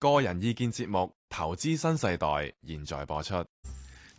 個人意見節目《投資新世代》現在播出。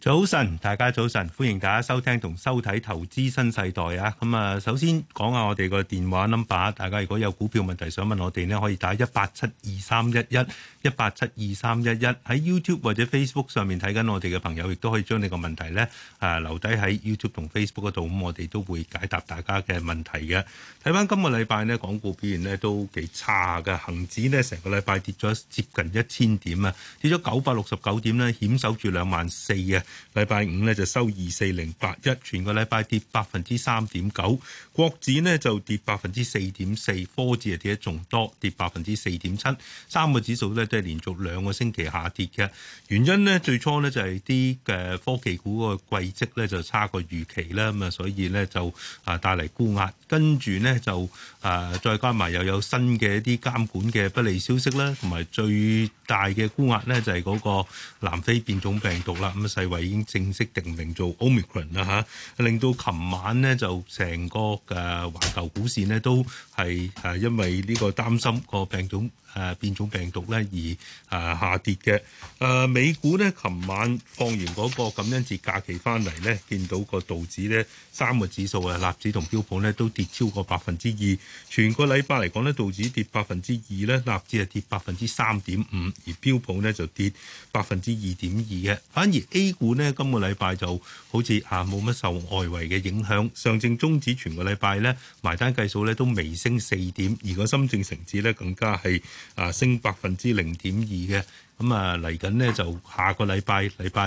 早晨，大家早晨，歡迎大家收聽同收睇《投資新世代》啊！咁啊，首先講下我哋個電話 number，大家如果有股票問題想問我哋呢，可以打一八七二三一一一八七二三一一。喺 YouTube 或者 Facebook 上面睇緊我哋嘅朋友，亦都可以將你個問題呢啊留低喺 YouTube 同 Facebook 嗰度，咁、嗯、我哋都會解答大家嘅問題嘅。睇翻今個禮拜呢，港股表現呢都幾差嘅，恒指呢，成個禮拜跌咗接近一千點啊，跌咗九百六十九點呢，險守住兩萬四啊！禮拜五呢就收二四零八一，全個禮拜跌百分之三點九，國指呢就跌百分之四點四，科指又跌得仲多，跌百分之四點七，三個指數呢都係連續兩個星期下跌嘅。原因呢，最初呢就係啲嘅科技股個季績呢就差過預期啦，咁啊所以呢就啊帶嚟沽壓，跟住呢就啊、呃、再加埋又有新嘅一啲監管嘅不利消息啦，同埋最大嘅沽壓呢就係嗰個南非變種病毒啦，咁啊世衞。已經正式定名做 Omicron 啦、啊、吓，令到琴晚咧就成個嘅環球股市咧都係誒，因為呢個擔心個病毒。誒、啊、變種病毒咧而誒、啊、下跌嘅誒、啊、美股呢琴晚放完嗰個感恩節假期翻嚟呢，見到個道指呢三個指數啊，納指同標普呢都跌超過百分之二。全個禮拜嚟講呢，道指跌百分之二咧，納指係跌百分之三點五，而標普呢就跌百分之二點二嘅。反而 A 股呢，今個禮拜就好似啊冇乜受外圍嘅影響，上證綜指全個禮拜呢埋單計數咧都微升四點，而個深證成指呢更加係。啊，升百分之零點二嘅，咁啊嚟緊呢就下個禮拜禮拜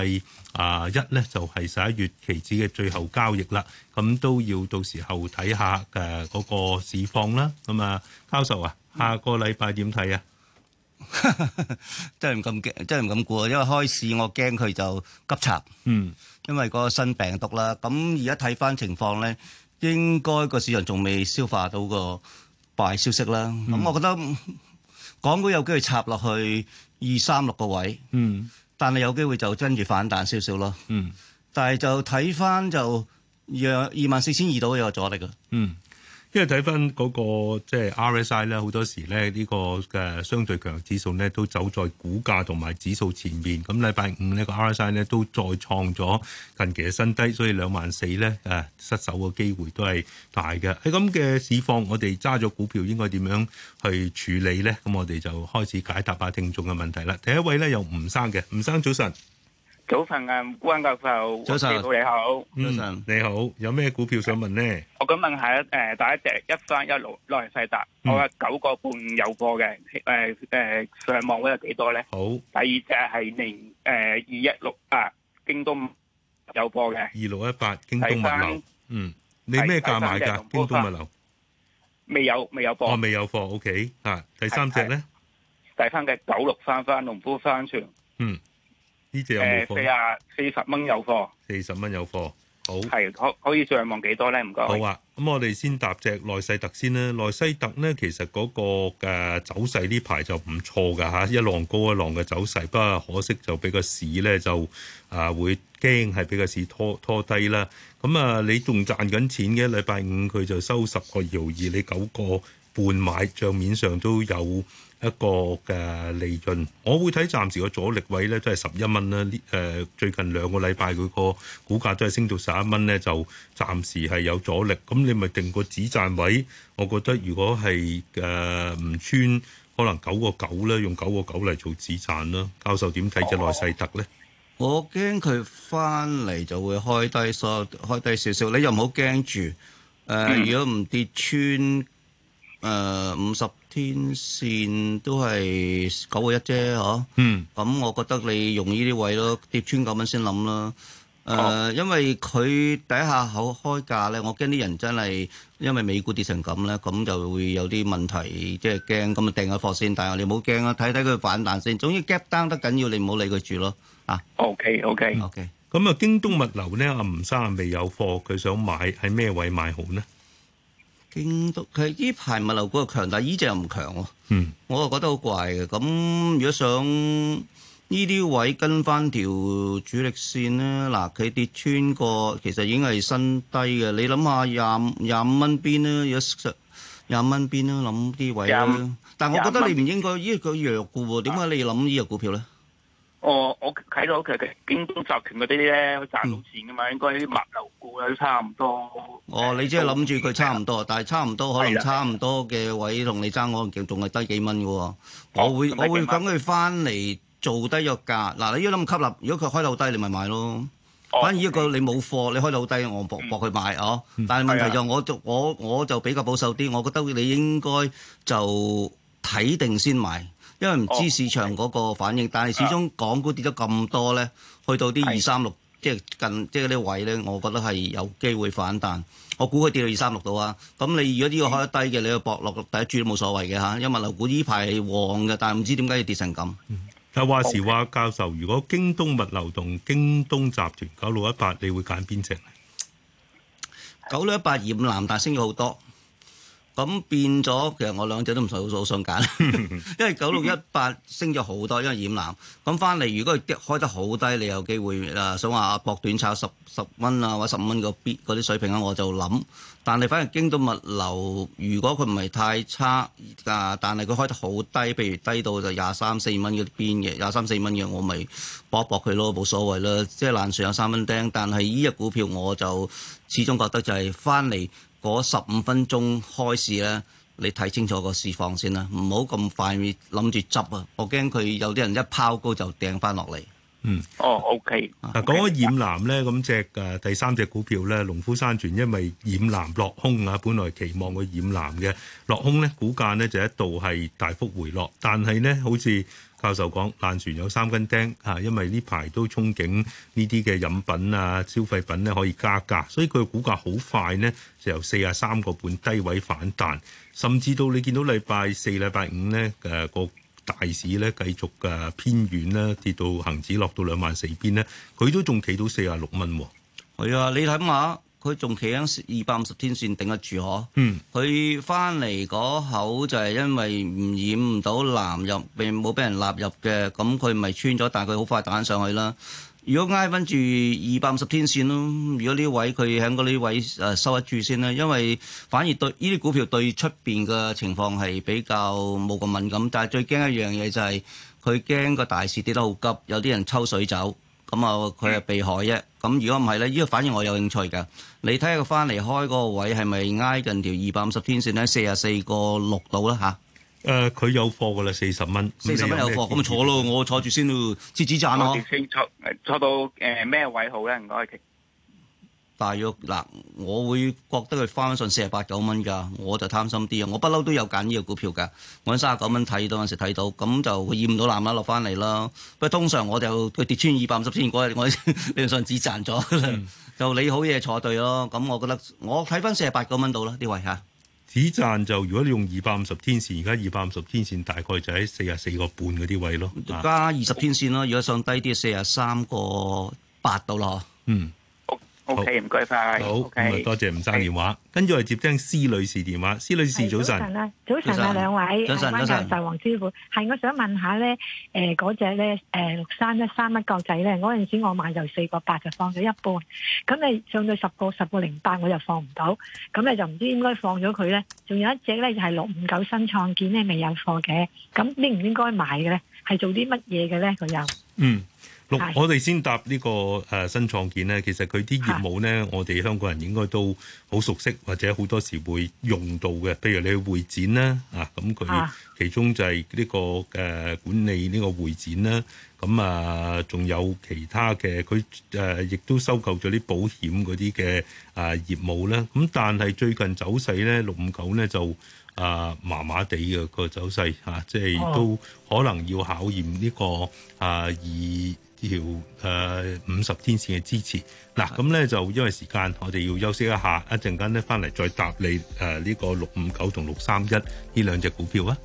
啊一呢就係十一月期指嘅最後交易啦，咁、啊、都要到時候睇下誒嗰個市況啦，咁啊教授啊，下個禮拜點睇啊？ 真係唔敢驚，真係唔敢估啊！因為開市我驚佢就急插，嗯，因為個新病毒啦，咁而家睇翻情況咧，應該個市場仲未消化到個壞消息啦，咁我覺得。嗯港股有機會插落去二三六個位，嗯，但係有機會就跟住反彈少少咯，嗯，但係就睇返就二二萬四千二度有個阻力噶，嗯。因為睇翻嗰個即係 RSI 咧，好多時咧，呢個嘅相對強指數咧都走在股價同埋指數前面。咁禮拜五呢個 RSI 咧都再創咗近期嘅新低，所以兩萬四咧誒失守嘅機會都係大嘅。喺咁嘅市況，我哋揸咗股票應該點樣去處理咧？咁我哋就開始解答下聽眾嘅問題啦。第一位咧由吳生嘅，吳生早晨。早晨啊，溫教授，師傅你好，早晨你好，有咩股票想問呢？我咁問下誒，第一隻一三一六耐世特，我話九個半有貨嘅，誒誒，上望位有幾多呢？好，第二隻係零誒二一六啊，京東有貨嘅，二六一八京東物流，嗯，你咩價買噶？京東物流未有未有貨，我未有貨，O K 啊，第三隻呢？第三隻九六三三農夫山泉，嗯。呢隻四啊四十蚊有貨，四十蚊有貨，好係可可以再望幾多咧？唔該。好啊，咁我哋先搭隻內西特先啦。內西特咧，其實嗰個嘅走勢呢排就唔錯㗎吓，一浪高一浪嘅走勢。不過可惜就畀個市咧就啊會驚係畀個市拖拖低啦。咁啊，你仲賺緊錢嘅，禮拜五佢就收十個搖二，你九個半買，帳面上都有。一個嘅利潤，我會睇暫時嘅阻力位咧都係十一蚊啦。誒最近兩個禮拜佢個股價都係升到十一蚊咧，就暫時係有阻力。咁你咪定個止賺位？我覺得如果係誒唔穿，可能九個九咧，用九個九嚟做止賺啦。教授點睇隻內勢特咧？我驚佢返嚟就會開低，開低少少。你又唔好驚住。誒，如果唔跌穿誒五十。天線都係九個一啫，嗬。嗯。咁，我覺得你用呢啲位咯，跌穿九蚊先諗咯。誒，因為佢第一下口開價咧，我驚啲人真係因為美股跌成咁咧，咁就會有啲問題，即係驚咁啊，訂下貨先。但係我哋唔好驚啊，睇睇佢反彈先。總之 gap down 得緊要，你唔好理佢住咯。啊。O K，O K，O K。咁啊，京東物流咧，阿吳生未有貨，佢想買，喺咩位買好咧？京都佢依排物流股又強，但係依隻又唔強喎、啊。嗯，我又覺得好怪嘅。咁如果想呢啲位跟翻條主力線咧，嗱、啊、佢跌穿過其實已經係新低嘅。你諗下廿廿五蚊邊咧，有十廿蚊邊咧，諗啲位 20, 但係我覺得你唔應該，依個弱嘅喎。點解你諗呢隻股票咧、啊？哦，我睇到其實京東集團嗰啲咧賺到錢㗎嘛，嗯、應該啲物流股咧都差唔多。哦，你即係諗住佢差唔多，但係差唔多可能差唔多嘅位同你爭，我仲係低幾蚊嘅喎。哦、我會、嗯、我會等佢翻嚟做低個價。嗱、啊，你要諗吸納，如果佢開到好低，你咪買咯。哦、反而一個你冇貨，你開到好低，我搏搏佢買、嗯、哦。嗯、但係問題就係嗯、我就我我就比較保守啲，我覺得你應該就睇定先買，因為唔知市場嗰個反應。哦嗯、但係始終港股跌咗咁多咧，去到啲二三六。即係近即係啲位咧，我覺得係有機會反彈。我估佢跌到二三六度啊！咁你如果呢個開得低嘅，你去搏落第一注都冇所謂嘅嚇。因為物流股呢排係旺嘅，但係唔知點解要跌成咁、嗯。但係話時話，Okay. 教授，如果京東物流同京東集團九六一八，你會揀邊隻？九六一八二五南大升咗好多。咁變咗，其實我兩隻都唔使好想揀，因為九六一八升咗好多，因為染藍。咁翻嚟，如果佢開得好低，你有機會誒、啊、想話博短炒十十蚊啊，或者十五蚊個邊嗰啲水平咧，我就諗。但係反而京東物流，如果佢唔係太差啊，但係佢開得好低，譬如低到就廿三四蚊嗰邊嘅，廿三四蚊嘅，我咪搏一搏佢咯，冇所謂啦。即係爛船有三蚊釘，但係依隻股票我就始終覺得就係翻嚟。嗰十五分鐘開始咧，你睇清楚個市況先啦，唔好咁快諗住執啊！我驚佢有啲人一拋高就掟翻落嚟。嗯，哦、oh,，OK, okay.、啊。嗱，講開染藍咧，咁隻誒第三隻股票咧，農夫山泉，因為染藍落空啊，本來期望佢染藍嘅落空咧，股價呢就一度係大幅回落。但係呢，好似教授講，爛船有三根釘嚇、啊，因為呢排都憧憬呢啲嘅飲品啊、消費品咧可以加價，所以佢嘅股價好快呢，就由四啊三個半低位反彈，甚至到你見到禮拜四、禮拜五呢誒個。啊大市咧繼續嘅偏軟啦，跌到恆指落到兩萬四邊咧，佢都仲企到四啊六蚊。係啊，你睇下佢仲企喺二百五十天線頂得住嗬。嗯，佢翻嚟嗰口就係因為唔染唔到藍入，並冇俾人納入嘅，咁佢咪穿咗，但係佢好快彈上去啦。如果挨翻住二百五十天線咯，如果呢位佢喺嗰呢位誒、呃、收一注先啦，因為反而對依啲股票對出邊嘅情況係比較冇咁敏感，但係最驚一樣嘢就係佢驚個大市跌得好急，有啲人抽水走，咁啊佢係避海嘅。咁如果唔係呢，依、這個反而我有興趣㗎。你睇下翻嚟開嗰個位係咪挨近條二百五十天線咧？四十四個六度啦嚇。誒佢有貨噶啦，四十蚊，四十蚊有貨，咁咪坐咯，我坐住先咯，止賺咯。坐到誒咩位好咧？唔該，大約嗱，我會覺得佢翻上四十八九蚊噶，我就貪心啲啊，我不嬲都有揀呢個股票噶，我喺三十九蚊睇到嗰陣時睇到，咁就佢掩唔到攬啦落翻嚟啦。不過通常我就佢跌穿二百五十線嗰日，我理論上止賺咗就你好嘢坐對咯。咁我覺得我睇翻四十八九蚊到啦呢位嚇。止賺就，如果你用二百五十天線，而家二百五十天線大概就喺四十四個半嗰啲位咯。加二十天線咯，啊、如果上低啲四十三個八度咯。嗯。O K，唔該晒，好多謝吳生電話，跟住，我接聽施女士電話。施女士早晨，早晨啊，兩位，早晨安，是早晨安。黃師傅，係我想問下咧，誒、呃，嗰隻咧，誒、呃，六三一三一九仔咧，嗰陣時我買就四個八就放咗一半，咁你上到十個十個零八我又放唔到，咁你就唔知應該放咗佢咧，仲有一隻咧，係六五九新創建咧未有貨嘅，咁應唔應該買嘅咧？係做啲乜嘢嘅咧？佢又嗯。六，6，我哋先答呢個誒新創建咧，其實佢啲業務咧，啊、我哋香港人應該都好熟悉，或者好多時會用到嘅。譬如你去會展啦，啊，咁佢其中就係呢、這個誒、啊、管理呢個會展啦，咁啊，仲有其他嘅，佢誒亦都收購咗啲保險嗰啲嘅啊業務啦。咁、啊、但係最近走勢咧，六五九咧就啊麻麻地嘅個走勢吓，即、啊、係、就是、都可能要考驗呢、這個啊二。條誒、呃、五十天線嘅支持嗱，咁咧就因為時間，我哋要休息一下，一陣間咧翻嚟再答你誒呢、呃這個六五九同六三一呢兩隻股票啊。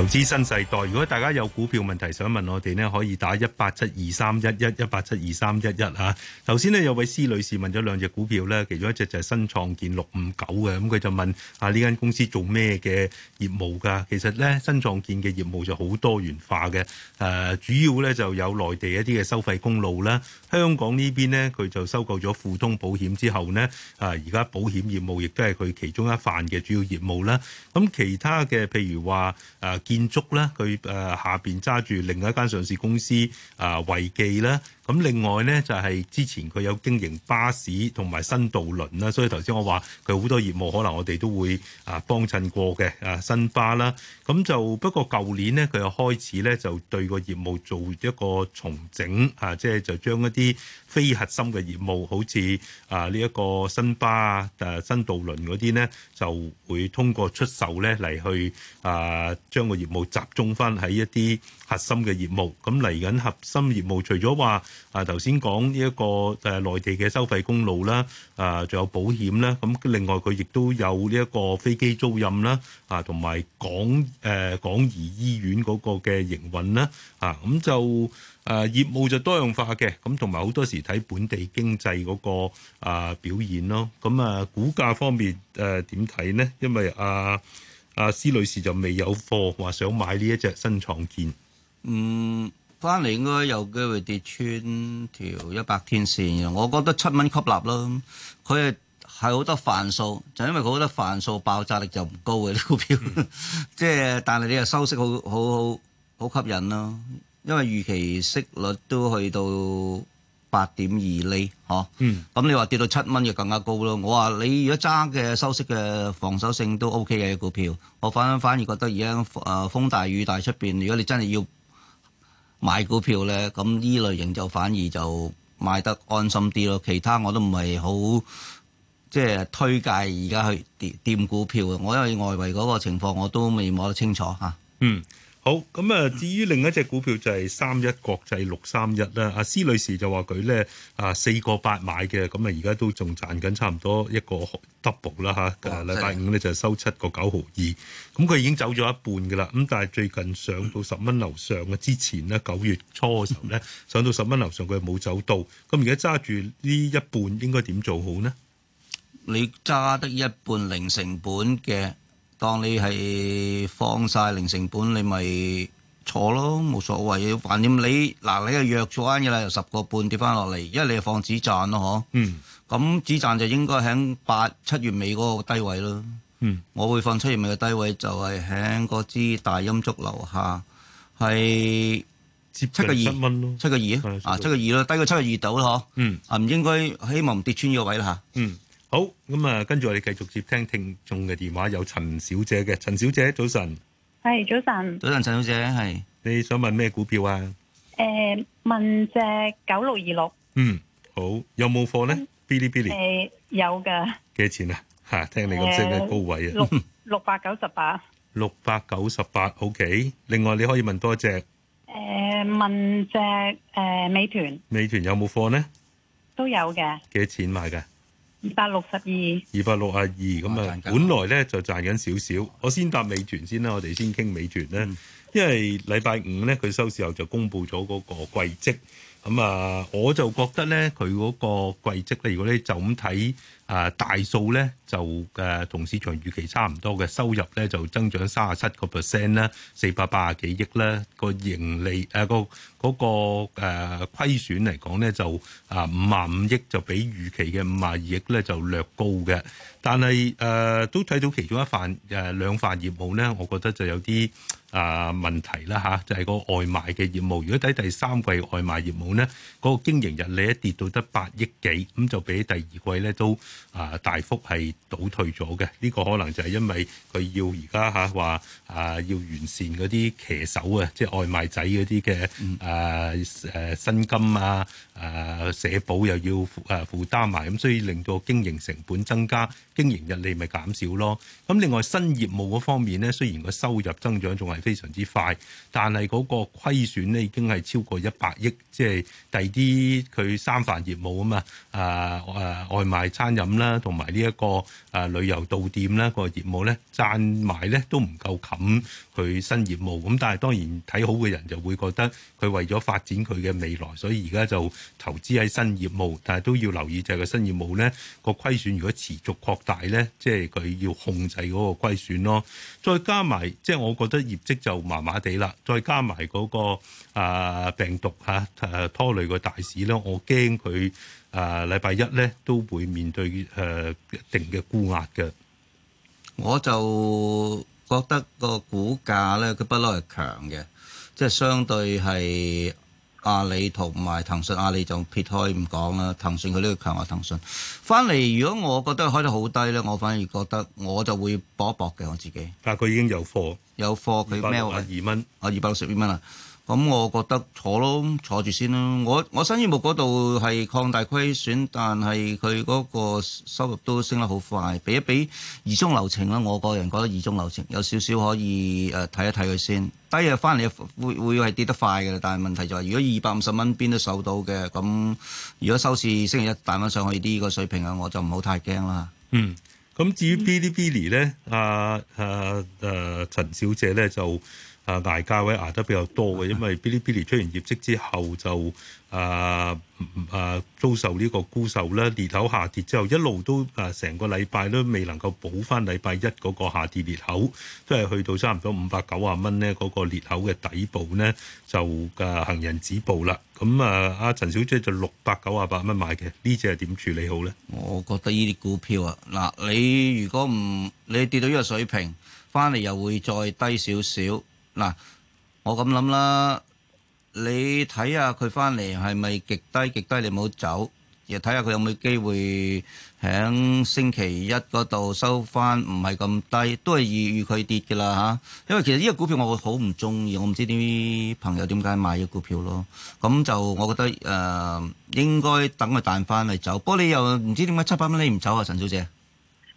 投資新世代，如果大家有股票問題想問我哋呢，可以打一八七二三一一，一八七二三一一吓。頭先咧有位施女士問咗兩隻股票呢，其中一隻就係新創建六五九嘅，咁佢就問啊，呢間公司做咩嘅業務㗎？其實呢，新創建嘅業務就好多元化嘅，誒、啊、主要呢，就有內地一啲嘅收費公路啦，香港呢邊呢，佢就收購咗富通保險之後呢，啊，而家保險業務亦都係佢其中一範嘅主要業務啦。咁、啊、其他嘅譬如話誒，啊建築咧，佢誒下邊揸住另外一間上市公司啊，維、呃、記咧。咁另外呢，就係之前佢有經營巴士同埋新渡輪啦，所以頭先我話佢好多業務可能我哋都會啊幫襯過嘅啊新巴啦，咁就不過舊年呢，佢又開始呢，就對個業務做一個重整啊，即係就將一啲非核心嘅業務，好似啊呢一個新巴啊、新渡輪嗰啲呢，就會通過出售呢嚟去啊將個業務集中翻喺一啲核心嘅業務。咁嚟緊核心業務，除咗話啊！頭先講呢一個誒、啊、內地嘅收費公路啦，啊，仲有保險啦，咁、啊、另外佢亦都有呢一個飛機租賃啦，啊，同埋港誒港怡醫院嗰個嘅營運啦，啊，咁就誒業務就多樣化嘅，咁同埋好多時睇本地經濟嗰、嗰個啊表現咯。咁啊，股價方面誒點睇呢？因為阿阿施女士就未有貨話想買呢一隻新創建。嗯。翻嚟應該有機會跌穿條一百天線嘅，我覺得七蚊吸納咯。佢係好多範數，就是、因為佢好多範數爆炸力就唔高嘅啲股票，即係、嗯、 但係你又收息好好好吸引咯。因為預期息率都去到八點二厘，嗬、啊。嗯。咁你話跌到七蚊就更加高咯。我話你如果揸嘅收息嘅防守性都 O K 嘅股票，我反反而覺得而家啊風大雨大出邊，如果你真係要，買股票咧，咁呢類型就反而就買得安心啲咯。其他我都唔係好即係推介而家去掂股票啊！我因為外圍嗰個情況我都未摸得清楚嚇。啊、嗯。好咁啊！至於另一隻股票就係三一國際六三一啦。阿施女士就話佢咧啊四個八買嘅，咁啊而家都仲賺緊，差唔多一個 double 啦嚇。哇禮拜五咧就收七個九毫二，咁佢已經走咗一半㗎喇。咁但係最近上到十蚊樓上嘅、嗯、之前咧，九月初嘅時候咧， 上到十蚊樓上佢冇走到。咁而家揸住呢一半應該點做好呢？你揸得一半零成本嘅。當你係放晒零成本，你咪坐咯，冇所謂。橫掂你嗱，你又約咗單嘅啦，由十個半跌翻落嚟，因為你又放止賺咯，嗬。嗯，嗯。咁止賺就應該喺八七月尾嗰個低位咯。嗯。我會放七月尾嘅低位，就係喺嗰支大陰燭樓下，係七個二七個二啊，七個二咯，低過七個二度咯，嗬。嗯。啊，唔應該希望跌穿呢個位啦嚇。嗯。好咁啊！跟住我哋繼續接聽聽眾嘅電話，有陳小姐嘅。陳小姐早晨，係早晨，早晨陳小姐係。你想問咩股票啊？誒，問隻九六二六。嗯，好。有冇貨咧？嗶哩嗶哩。誒，有噶。幾錢啊？吓，聽你咁聲嘅高位啊。六六百九十八。六百九十八，OK。另外你可以問多隻。誒，問隻誒美團。美團有冇貨咧？都有嘅。幾錢買噶？二百六十二，二百六十二咁啊！本來咧就賺緊少少，我先答美團先啦，我哋先傾美團咧，因為禮拜五咧佢收市後就公布咗嗰個季績，咁啊，我就覺得咧佢嗰個季績咧，如果咧就咁睇。啊，大數咧就嘅同市場預期差唔多嘅收入咧就增長三十七個 percent 啦，四百八啊幾億啦個盈利誒個嗰個誒虧損嚟講咧就啊五萬五億就比預期嘅五萬二億咧就略高嘅，但係誒都睇到其中一範誒兩範業務咧，我覺得就有啲啊問題啦嚇，就係個外賣嘅業務。如果睇第三季外賣業務咧，嗰個經營溢利一跌到得八億幾，咁就比第二季咧都。啊，大幅係倒退咗嘅，呢個可能就係因為佢要而家吓話啊，要完善嗰啲騎手啊，即係外賣仔嗰啲嘅誒誒薪金啊誒、啊、社保又要誒負、啊、擔埋、啊，咁所以令到經營成本增加，經營日利咪減少咯。咁另外新業務嗰方面咧，雖然個收入增長仲係非常之快，但係嗰個虧損咧已經係超過一百億，即係第二啲佢三飯業務啊嘛誒啊外賣餐飲。咁啦，同埋呢一個啊、呃、旅遊導店啦個業務咧，賺埋咧都唔夠冚佢新業務。咁但係當然睇好嘅人就會覺得佢為咗發展佢嘅未來，所以而家就投資喺新業務。但係都要留意就係個新業務咧個虧損如果持續擴大咧，即係佢要控制嗰個虧損咯。再加埋即係我覺得業績就麻麻地啦。再加埋嗰、那個啊、呃、病毒嚇、啊、誒拖累個大市咧，我驚佢。誒禮拜一咧都會面對誒、呃、一定嘅沽壓嘅。我就覺得個股價咧，佢不嬲係強嘅，即係相對係阿里同埋騰訊，阿、啊、里、啊、就撇開唔講啦，騰訊佢都要強啊騰訊。翻嚟如果我覺得開得好低咧，我反而覺得我就會搏一搏嘅我自己。但係佢已經有貨，有貨佢咩話二蚊？啊，二百六十二蚊啦。咁我覺得坐咯，坐住先啦。我我新業務嗰度係擴大虧損，但係佢嗰個收入都升得好快，比一比二中流程啦。我個人覺得二中流程有少少可以誒睇、呃、一睇佢先。低日翻嚟會會係跌得快嘅，但係問題就係、是、如果二百五十蚊邊都守到嘅，咁如果收市星期一大翻上去呢個水平啊，我就唔好太驚啦。嗯，咁至於嗶哩嗶哩呢？阿阿阿陳小姐呢就？啊！挨價位挨得比較多嘅，因為嗶哩嗶哩出完業績之後就啊啊遭受呢個沽售咧裂口下跌之後，一路都啊成個禮拜都未能夠補翻禮拜一嗰個下跌裂口，都係去到差唔多五百九啊蚊咧。嗰個裂口嘅底部咧就嘅行人止步啦。咁啊，阿陳小姐就六百九啊八蚊買嘅呢隻係點處理好咧？我覺得呢啲股票啊，嗱，你如果唔你跌到呢個水平，翻嚟又會再低少少。嗱，我咁諗啦，你睇下佢翻嚟係咪極低極低，你唔好走，又睇下佢有冇機會喺星期一嗰度收翻唔係咁低，都係預預佢跌嘅啦嚇。因為其實呢個股票我會好唔中意，我唔知啲朋友點解買咗股票咯。咁就我覺得誒應該等佢彈翻嚟走。不過你又唔知點解七百蚊你唔走啊，陳小姐？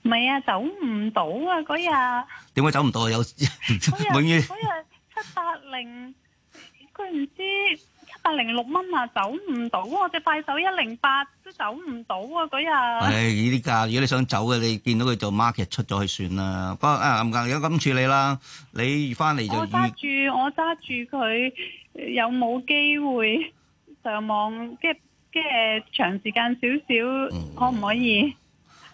唔係啊，走唔到啊嗰日。點解走唔到啊？有永遠嗰日。一百零，佢唔知一百零六蚊啊，走唔到啊！只快手一零八都走唔到啊！嗰日係呢啲噶，如果你想走嘅，你見到佢就 market 出咗去算啦。不過誒唔該，如果咁處理啦。你翻嚟就揸住，我揸住佢有冇機會上網？即即係長時間少少，嗯、可唔可以？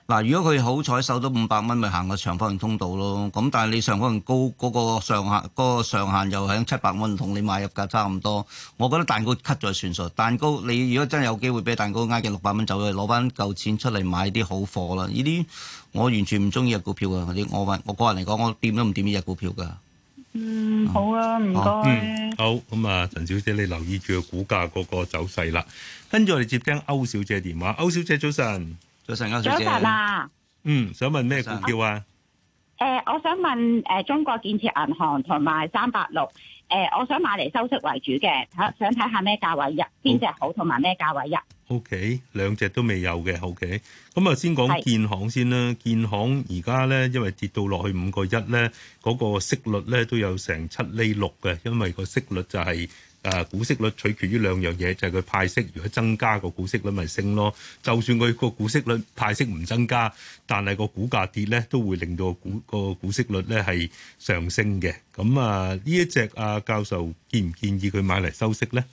嗱，如果佢好彩收到五百蚊，咪行個長方形通道咯。咁但係你長方形高嗰、嗰個上限，嗰、嗰個、上限又喺七百蚊，同你買入價差唔多。我覺得蛋糕 cut 咗算數。蛋糕，你如果真係有機會俾蛋糕挨近，挨嘅六百蚊走咗，攞翻嚿錢出嚟買啲好貨啦。呢啲我完全唔中意入股票啊！啲我我個人嚟講，我掂都唔掂呢隻股票噶。嗯，好啊，唔該、嗯。好咁啊，陳小姐，你留意住個股價嗰個走勢啦。跟住我哋接聽歐小姐電話。歐小姐，早晨。早晨啊！嗯，想問咩股票啊？誒、啊，我想問誒、呃，中國建設銀行同埋三八六，誒，我想買嚟收息為主嘅，吓想睇下咩價位入，邊隻好同埋咩價位入？O K，兩隻都未有嘅，O K，咁啊先講建行先啦，是建行而家咧，因為跌到落去五個一咧，嗰、那個息率咧都有成七厘六嘅，因為個息率就係、是。誒股息率取決於兩樣嘢，就係佢派息。如果增加個股息率，咪升咯。就算佢個股息率派息唔增加，但係個股價跌咧，都會令到股個股息率咧係上升嘅。咁啊，呢一隻啊，教授建唔建議佢買嚟收息咧？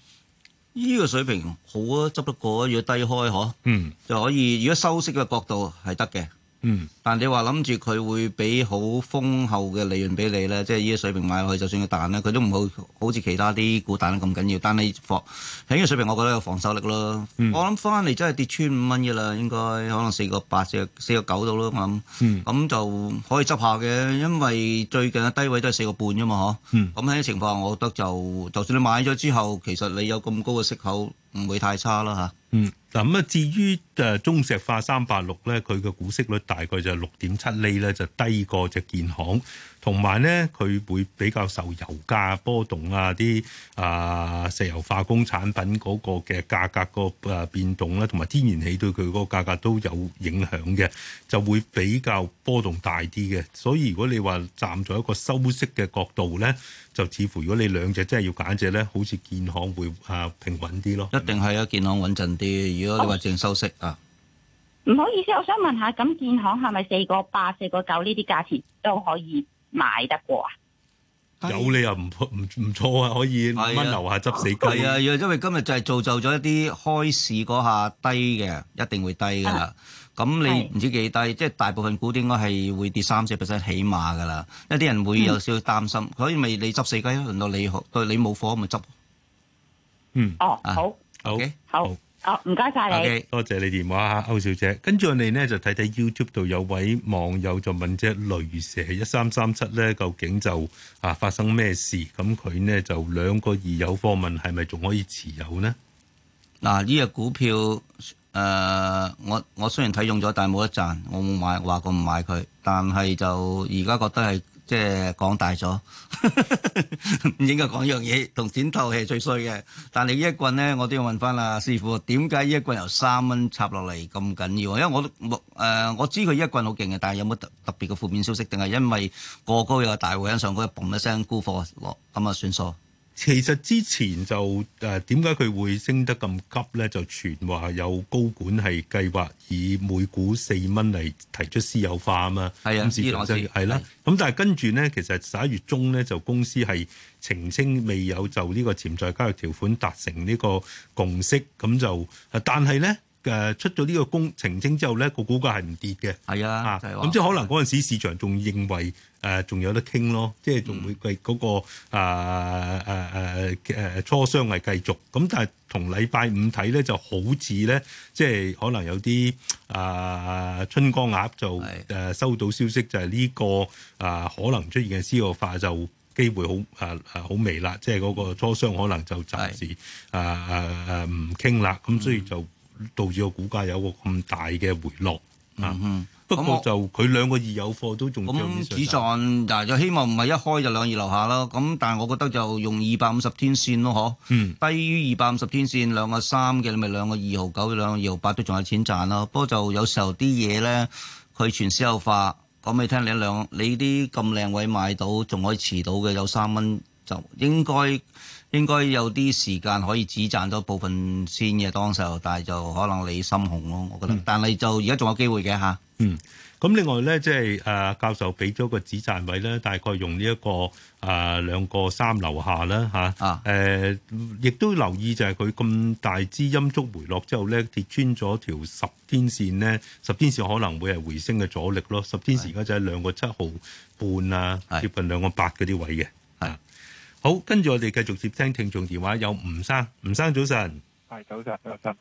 呢個水平好啊，執得過啊，如果低開吓，嗯，就可以。如果收息嘅角度係得嘅。嗯，但你話諗住佢會俾好豐厚嘅利潤俾你咧，即係呢個水平買落去，就算佢彈咧，佢都唔好好似其他啲股彈咁緊要。但係防喺呢個水平，我覺得有防守力咯。嗯、我諗翻嚟真係跌穿五蚊嘅啦，應該可能四個八、四個四個九到咯咁。嗯、咁就可以執下嘅，因為最近嘅低位都係四個半啫嘛，嗬、嗯。咁喺啲情況，我覺得就就算你買咗之後，其實你有咁高嘅息口。唔會太差啦吓，嗯，嗱咁啊，至於誒中石化三八六咧，佢嘅股息率大概就六點七厘咧，就低過隻建行。同埋咧，佢會比較受油價波動啊，啲啊石油化工產品嗰個嘅價格個誒變動啦，同埋天然氣對佢嗰個價格都有影響嘅，就會比較波動大啲嘅。所以如果你話站在一個收息嘅角度咧，就似乎如果你兩隻真係要揀隻咧，好似建行會啊平穩啲咯。一定係啊，建行穩陣啲。如果你話淨收息啊，哦、唔好意思，我想問下，咁建行係咪四個八、四個九呢啲價錢都可以？買得過啊？有你又唔唔唔錯啊，可以乜留下執死雞啊？又因為今日就係造就咗一啲開市嗰下低嘅，一定會低噶啦。咁你唔知幾低，即係大部分股應該係會跌三四 percent 起碼噶啦。一啲人會有少少擔心，所以咪你執死雞咯。輪到你去，對你冇貨咪執。嗯。哦，好。好。好。哦，唔該晒你，okay，多謝你電話，歐小姐。跟住我哋咧就睇睇 YouTube 度有位網友就問隻雷蛇一三三七咧，究竟就啊發生咩事？咁佢呢就兩個二有貨問係咪仲可以持有呢？嗱、啊、呢、這、隻、個、股票誒、呃，我我雖然睇中咗，但係冇得賺。我冇買，我話過唔買佢，但係就而家覺得係。即係講大咗，唔 應該講呢樣嘢。同剪頭係最衰嘅。但係你呢一棍咧，我都要問翻啦，師傅點解呢一棍由三蚊插落嚟咁緊要？因為我都冇誒，我知佢一棍好勁嘅，但係有冇特特別嘅負面消息？定係因為過高有個大回音，上高一嘣一聲沽貨落，咁啊算數。其實之前就誒點解佢會升得咁急咧？就傳話有高管係計劃以每股四蚊嚟提出私有化啊嘛。係啊的，市場係啦。咁但係跟住咧，其實十一月中咧就公司係澄清未有就呢個潛在交易條款達成呢個共識。咁就但係咧，誒出咗呢個公澄清之後咧，個股價係唔跌嘅。係的啊，咁即係可能嗰陣時市場仲認為。誒仲、呃、有得傾咯，即係仲會繼嗰個、嗯、啊啊啊誒磋商係繼續，咁但係同禮拜五睇咧就好似咧，即係可能有啲啊春江鴨就誒是、啊、收到消息就、呢個，就係呢個啊可能出現嘅私有化就機會好啊啊好微啦，即係嗰個磋商可能就暫時是啊啊唔傾啦，咁是、嗯、所以就導致個股價有個咁大嘅回落啊。嗯。咁就佢兩個二有貨都仲有啲上漲。嗱、啊、就希望唔係一開就兩個二樓下啦。咁但係我覺得就用二百五十天線咯，嗬、嗯。低於二百五十天線兩個三嘅，你咪兩個二毫九，兩個二毫八都仲有錢賺咯。不過就有時候啲嘢咧，佢全私有化講俾你聽，你兩你啲咁靚位買到，仲可以持到嘅，有三蚊就應該應該有啲時間可以止賺到部分先嘅當時候，但係就可能你心紅咯，我覺得。嗯、但係就而家仲有機會嘅嚇。嗯，咁另外咧，即係阿、呃、教授俾咗個止賺位咧，大概用呢、這、一個啊、呃、兩個三樓下啦嚇，誒、啊，亦、啊呃、都留意就係佢咁大支陰燭回落之後咧，跌穿咗條十天線咧，十天線可能會係回升嘅阻力咯，十天線就陣兩是個七毫半是的的啊，接近兩個八嗰啲位嘅，係。好，跟住我哋繼續接聽聽眾電話，有吳生，吳生，吳生早晨，係早晨。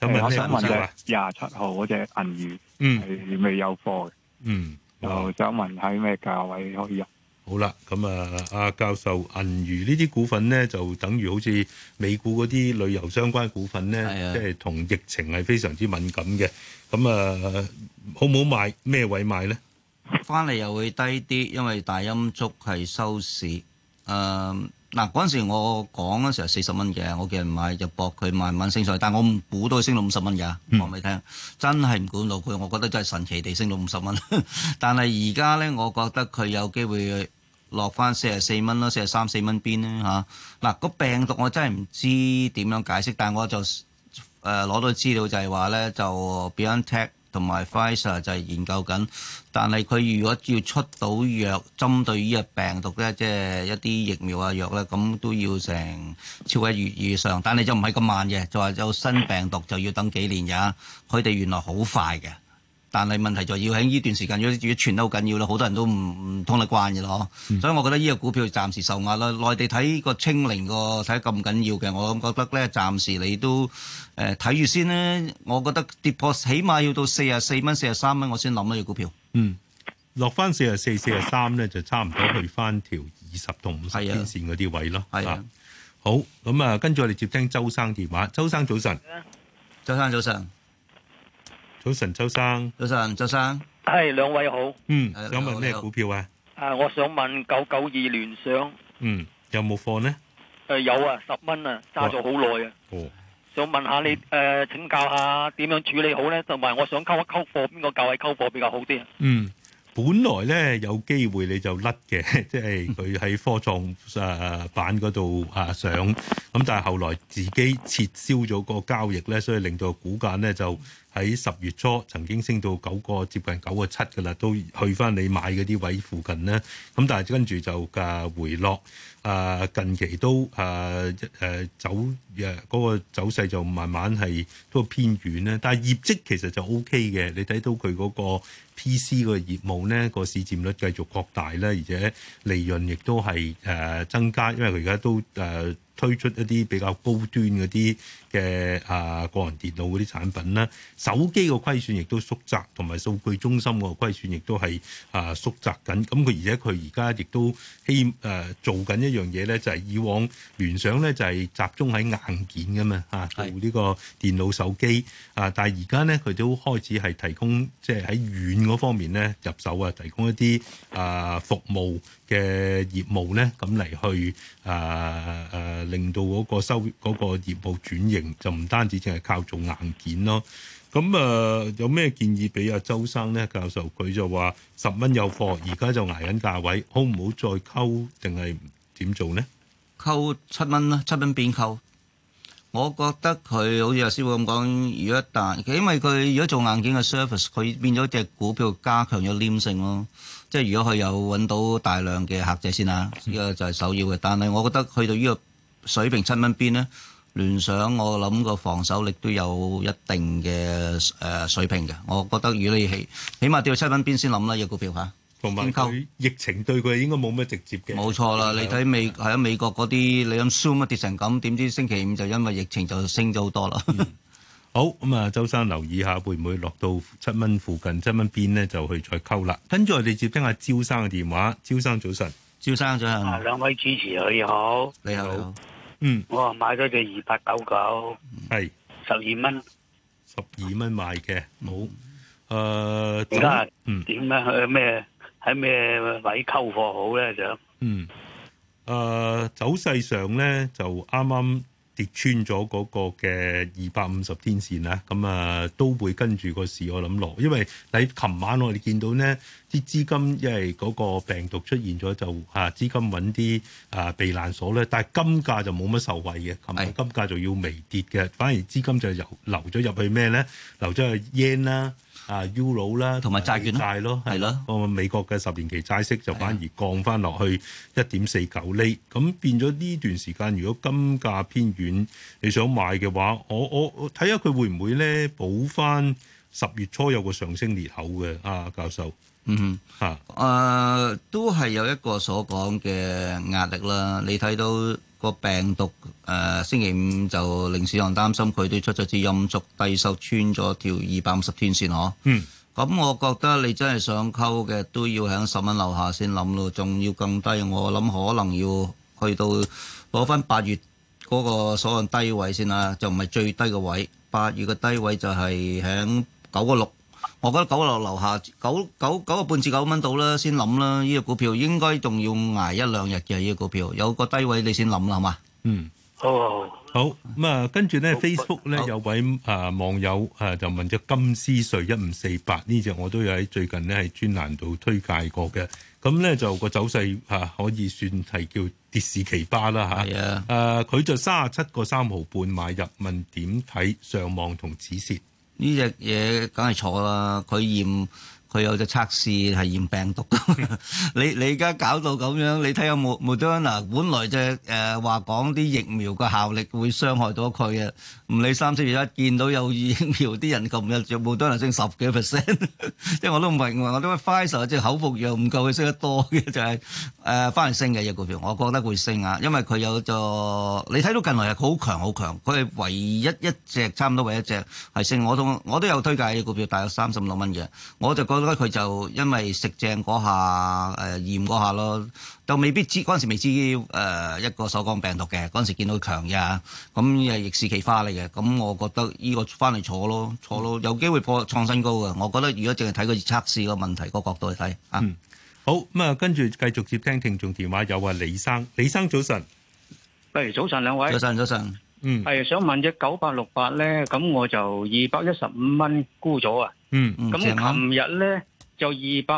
咁我想問就廿七號嗰隻銀娛，嗯，未有貨嘅，嗯，我想問喺咩價位可以入？好啦，咁啊，阿教授，銀娛呢啲股份咧，就等於好似美股嗰啲旅遊相關股份咧，即係同疫情係非常之敏感嘅，咁啊，好唔好買？咩位買咧？翻嚟又會低啲，因為大陰燭係收市，嗯。嗱，嗰陣時我講嗰時係四十蚊嘅，我叫人買就搏佢慢慢升上去，但係我唔估都升到五十蚊嘅。講俾你聽，真係唔估到佢，我覺得真係神奇地升到五十蚊。 但係而家咧，我覺得佢有機會落翻四十四蚊咯，四十三四蚊邊咧嚇。嗱、啊那個病毒我真係唔知點樣解釋，但係我就誒攞、呃、到資料就係話咧就俾人 take 同埋 Pfizer 就係研究緊，但係佢如果要出到藥，針對呢個病毒咧，即係一啲疫苗啊藥咧，咁都要成超過一月以上。但係就唔係咁慢嘅，就話有新病毒就要等幾年嘅。佢哋原來好快嘅。但係問題就要喺呢段時間，如果全都要要傳得好緊要咯，好多人都唔唔通得慣嘅咯，嗯，所以我覺得呢個股票暫時受壓啦。內地睇個清零個睇得咁緊要嘅，我覺得咧，暫時你都誒睇住先咧。我覺得跌破起碼要到四十四蚊、四十三蚊，我先諗呢隻股票。嗯，落翻四十四、四十三咧，就差唔多去翻條二十同五十天線嗰啲位咯。係啊，好咁啊，跟住我哋接聽周生電話。周生早晨，周生早晨。早晨，周生。早晨，周生。係兩位好。嗯，想問咩股票啊？啊，我想問九九二聯想。嗯，有冇貨呢？誒，有啊，十蚊啊，揸咗好耐啊。哦，想問下你誒，請教下點樣處理好呢？同埋，我想溝一溝貨，邊個價位溝貨比較好啲啊？嗯，本來咧有機會你就甩嘅，即係佢喺科創誒板嗰度啊上，咁但係後來自己撤銷咗個交易呢，所以令到股價呢就。喺十月初曾經升到九個接近九個七嘅啦，都去返你買嗰啲位附近啦。咁但係跟住就誒回落。啊、呃，近期都啊誒、呃呃、走誒嗰、呃嗰個走勢就慢慢係都偏軟咧。但係業績其實就 O K 嘅，你睇到佢嗰個 P C 個業務咧、嗰個市佔率繼續擴大咧，而且利潤亦都係誒、呃、增加，因為佢而家都誒。呃推出一啲比較高端嗰啲嘅啊個人電腦嗰啲產品啦，手機個虧損亦都縮窄，同埋數據中心個虧損亦都係啊縮窄緊，咁、啊、佢而且佢而家亦都希誒做緊一樣嘢咧，就係、是、以往聯想咧就係、是、集中喺硬件噶嘛吓做呢個電腦手機啊，但係而家咧佢都開始係提供即係喺軟嗰方面咧入手啊，提供一啲啊服務嘅業務咧，咁嚟去誒誒。啊啊令到嗰個收嗰個業務轉型就唔單止淨係靠做硬件咯，咁啊、呃、有咩建議俾阿周生咧？教授佢就話十蚊有貨，而家就捱緊價位，好唔好再溝定係點做咧？溝七蚊啦，七蚊變溝。我覺得佢好似阿師傅咁講，如果但因為佢如果做硬件嘅 service，佢變咗隻股票加強咗黏性咯。即係如果佢有揾到大量嘅客仔先啊，呢個就係首要嘅。但係我覺得去到呢個。水平七蚊邊呢？聯想我諗個防守力都有一定嘅誒、呃、水平嘅，我覺得與你起，起碼掉七蚊邊先諗啦，啲股票吓。同埋佢疫情對佢應該冇乜直接嘅。冇錯啦，嗯、你睇美係啊、嗯、美國嗰啲，你諗 Zoom 跌成咁，點知星期五就因為疫情就升咗、嗯、好多啦。好咁啊，周生留意下會唔會落到七蚊附近，七蚊邊呢？就去再溝啦。跟住我哋接聽下招生嘅電話，招生早晨。招生咗係嘛？兩位主持佢好，你好，嗯，我、哦、買咗隻二八九九，係十二蚊，十二蚊買嘅，冇、嗯，誒而家點啊？點、呃、咧？咩喺咩位溝貨好咧？就嗯，誒、呃、走勢上咧就啱啱，跌穿咗嗰個嘅二百五十天線啦，咁啊都會跟住個市我諗落，因為喺琴晚我哋見到呢啲資金因為嗰個病毒出現咗就啊資金揾啲啊避難所咧，但係金價就冇乜受惠嘅，琴日金價就要微跌嘅，反而資金就由流咗入去咩咧，流咗去 yen 啦、啊。啊 u r 啦，同埋債券咯，咯，係咯，美國嘅十年期債息就反而降翻落去一點四九厘，咁的變咗呢段時間，如果金價偏軟，你想買嘅話，我我睇下佢會唔會咧補翻十月初有個上升裂口嘅，阿、啊、教授，嗯哼，嚇、啊，誒都係有一個所講嘅壓力啦，你睇到。個病毒誒、呃、星期五就令市場擔心，佢都出咗次陰燭，低收穿咗條二百五十天線呵。嗯，咁我覺得你真係想溝嘅都要喺十蚊樓下先諗咯，仲要更低，我諗可能要去到攞翻八月嗰個所謂低位先啦，就唔係最低嘅位。八月嘅低位就係喺九個六。我覺得九六樓下九九九個半至九蚊到啦，先諗啦。呢、這、隻、個、股票應該仲要挨一兩日嘅。呢、這、隻、個、股票有個低位你，你先諗啦，係嘛、嗯？嗯，好，好咁啊。跟住咧，Facebook 咧呢好有位啊網友啊就問咗金斯瑞一五四八呢隻，我都有喺最近呢係專欄度推介過嘅。咁咧就個走勢嚇、呃、可以算係叫跌士奇巴啦嚇。係啊，誒佢、啊呃、就三十七個三毫半買入，問點睇上望同止蝕。呢隻嘢梗係錯啦，佢嫌。佢 有隻測試係驗病毒 你，你你而家搞到咁樣，你睇下 Moderna？本來就誒話講啲疫苗個效力會傷害到佢嘅，唔理三七二十一，見到有疫苗啲人咁樣，Moderna 升十幾 percent，即係我都唔明啊！我都快手啊，即係口服藥唔夠佢升得多嘅，就係誒翻嚟升嘅隻股票，我覺得會升啊，因為佢有隻你睇到近來係好強好強，佢係唯一一隻差唔多唯一一隻係升，我同我都有推介嘅股票，大約三十五六蚊嘅，36，我就覺。佢就因為食正嗰下誒、呃、驗嗰下咯，就未必知嗰陣時未知誒、呃、一個所講病毒嘅嗰陣時見到強嘅嚇，咁、啊、又係逆市奇花嚟嘅。咁我覺得依個返嚟坐咯，坐咯有機會破創新高嘅。我覺得如果淨係睇個測試個問題，嗰個角度去睇嚇。啊、嗯，好咁啊，跟住繼續接聽聽眾電話，有啊李生，李生早晨，不如早晨兩位，早晨早晨。早晨。嗯，係啊，想問隻九八六八咧，咁我就二百一十五蚊沽咗啊嗯。嗯，咁琴日咧就二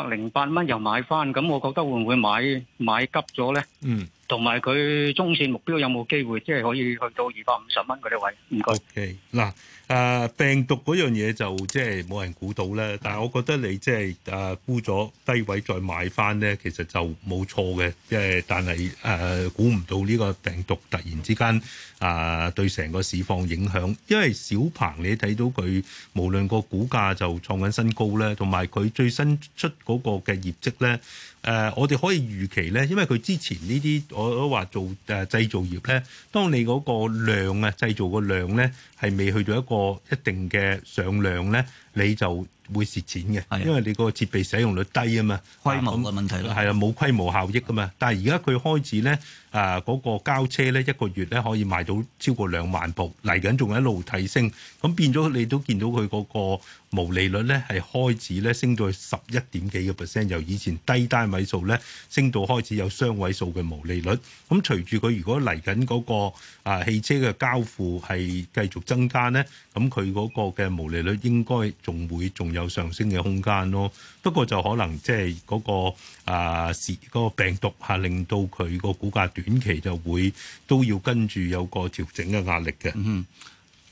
百零八蚊又買翻，咁我覺得會唔會買買急咗咧？嗯，同埋佢中線目標有冇機會，即係可以去到二百五十蚊嗰啲位？唔該。Okay，嗱。誒、啊、病毒嗰樣嘢就即係冇人估到咧，但係我覺得你即係誒沽咗低位再買翻咧，其實就冇錯嘅，即係但係誒估唔到呢個病毒突然之間誒、啊、對成個市況影響，因為小鵬你睇到佢無論個股價就創緊新高咧，同埋佢最新出嗰個嘅業績咧。誒，uh，我哋可以預期咧，因為佢之前呢啲，我都話做誒、呃、製造業咧，當你嗰個量啊，製造個量咧，係未去到一個一定嘅上量咧。你就會蝕錢嘅，因為你個設備使用率低啊嘛，規模嘅問題係啊，冇規模效益噶嘛。但係而家佢開始咧，啊、呃、嗰、那個交車咧一個月咧可以賣到超過兩萬部，嚟緊仲一路提升，咁變咗你都見到佢嗰個毛利率咧係開始咧升到去十一點幾個 percent，由以前低單位數咧升到開始有雙位數嘅毛利率。咁隨住佢如果嚟緊嗰個啊汽車嘅交付係繼續增加咧，咁佢嗰個嘅毛利率應該，仲會仲有上升嘅空間咯，不過就可能即係嗰個啊，是、呃、嗰、那個、病毒嚇令到佢個股價短期就會都要跟住有個調整嘅壓力嘅、嗯。嗯，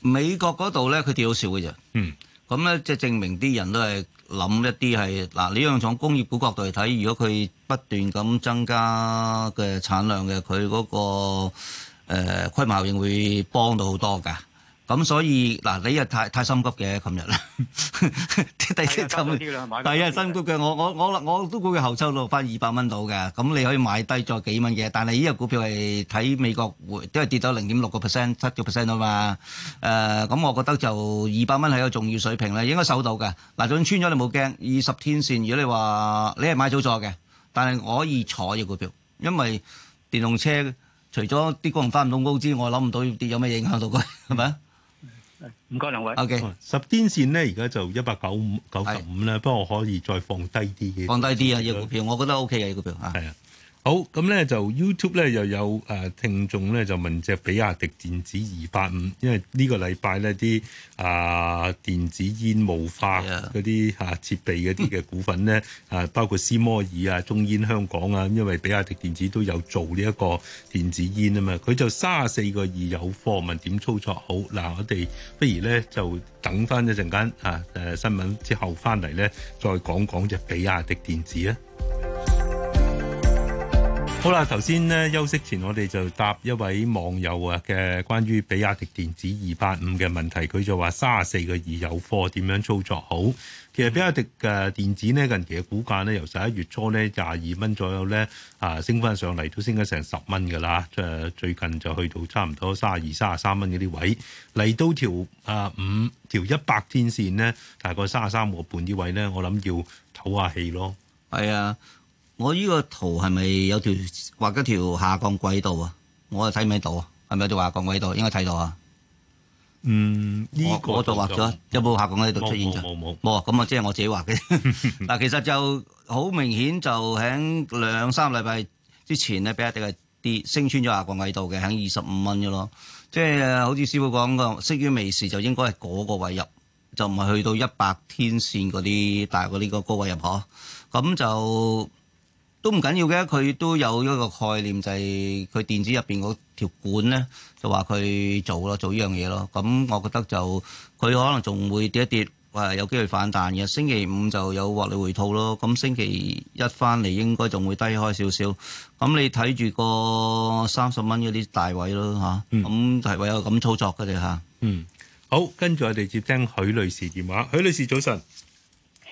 美國嗰度咧，佢跌好少嘅啫。嗯，咁咧即係證明啲人都係諗一啲係嗱，你如果從工業股角度嚟睇，如果佢不斷咁增加嘅產量嘅，佢嗰、那個誒、呃、規模應會幫到好多㗎。咁所以嗱、啊，你又太太心急嘅，琴日啦，第一心急嘅，我我我我都估佢後週到翻二百蚊到嘅，咁你可以買低咗幾蚊嘅。但係呢隻股票係睇美國，都係跌到零點六個 percent，七個 percent 啊嘛。誒，咁、呃、我覺得就二百蚊係一個重要水平啦，應該收到嘅。嗱、啊，就算穿咗你冇驚，二十天線，如果你話你係買早咗嘅，但係我可以坐呢個股票，因為電動車除咗啲工人翻唔到高之外，我諗唔到要跌有咩影響到佢，係咪啊？ 唔該兩位。OK，十天線咧，而家就一百九五九十五啦，不過可以再放低啲嘅。放低啲啊，要股票，我覺得 OK 嘅要股票啊。好，咁咧就 YouTube 咧又有誒、呃、聽眾咧就問隻比亞迪電子二八五，因為個呢個禮拜呢啲啊電子煙霧化嗰啲嚇設備嗰啲嘅股份咧啊，嗯、包括斯摩爾啊、中煙香港啊，因為比亞迪電子都有做呢一個電子煙啊嘛，佢就三十四個二有貨問點操作好？嗱，我哋不如咧就等翻一陣間啊,啊新聞之後翻嚟咧再講講隻比亞迪電子啊。好啦，頭先咧休息前，我哋就答一位網友啊嘅關於比亞迪電子二八五嘅問題。佢就話卅四個二有貨，點樣操作好？其實比亞迪嘅電子呢，近期嘅股價呢，由十一月初呢廿二蚊左右咧啊，升翻上嚟都升咗成十蚊噶啦。誒，最近就去到差唔多卅二、卅三蚊嗰啲位嚟到條啊五條一百天線呢，大概卅三個半呢位呢，我諗要唞下氣咯。係啊。我呢個圖係咪有條畫咗條下降軌道啊？我啊睇唔喺度啊，係咪有條下降軌道？應該睇到啊。嗯、呢、這個、我就畫咗。有冇下降軌道出現？冇冇啊，咁啊，即係我自己畫嘅。嗱， 其實就，明顯、就好明顯，就喺兩三禮拜之前咧，俾一啲跌升穿咗下降軌道嘅，喺二十五蚊嘅咯。即係好似師傅講嘅，識於微時就應該係嗰個位入，就唔係去到一百天線嗰啲大過呢個高位入嗬。咁就。都唔緊要嘅，佢都有一個概念，就係佢電子入邊嗰條管咧，就話佢做咯，做呢樣嘢咯。咁我覺得就佢可能仲會跌一跌，誒，有機會反彈嘅。星期五就有獲利回吐咯。咁星期一翻嚟應該仲會低開少少。咁你睇住個三十蚊嗰啲大位咯嚇。咁係唯有咁操作嘅啫嚇。嗯，好，跟住我哋接聽許女士電話。許女士早晨。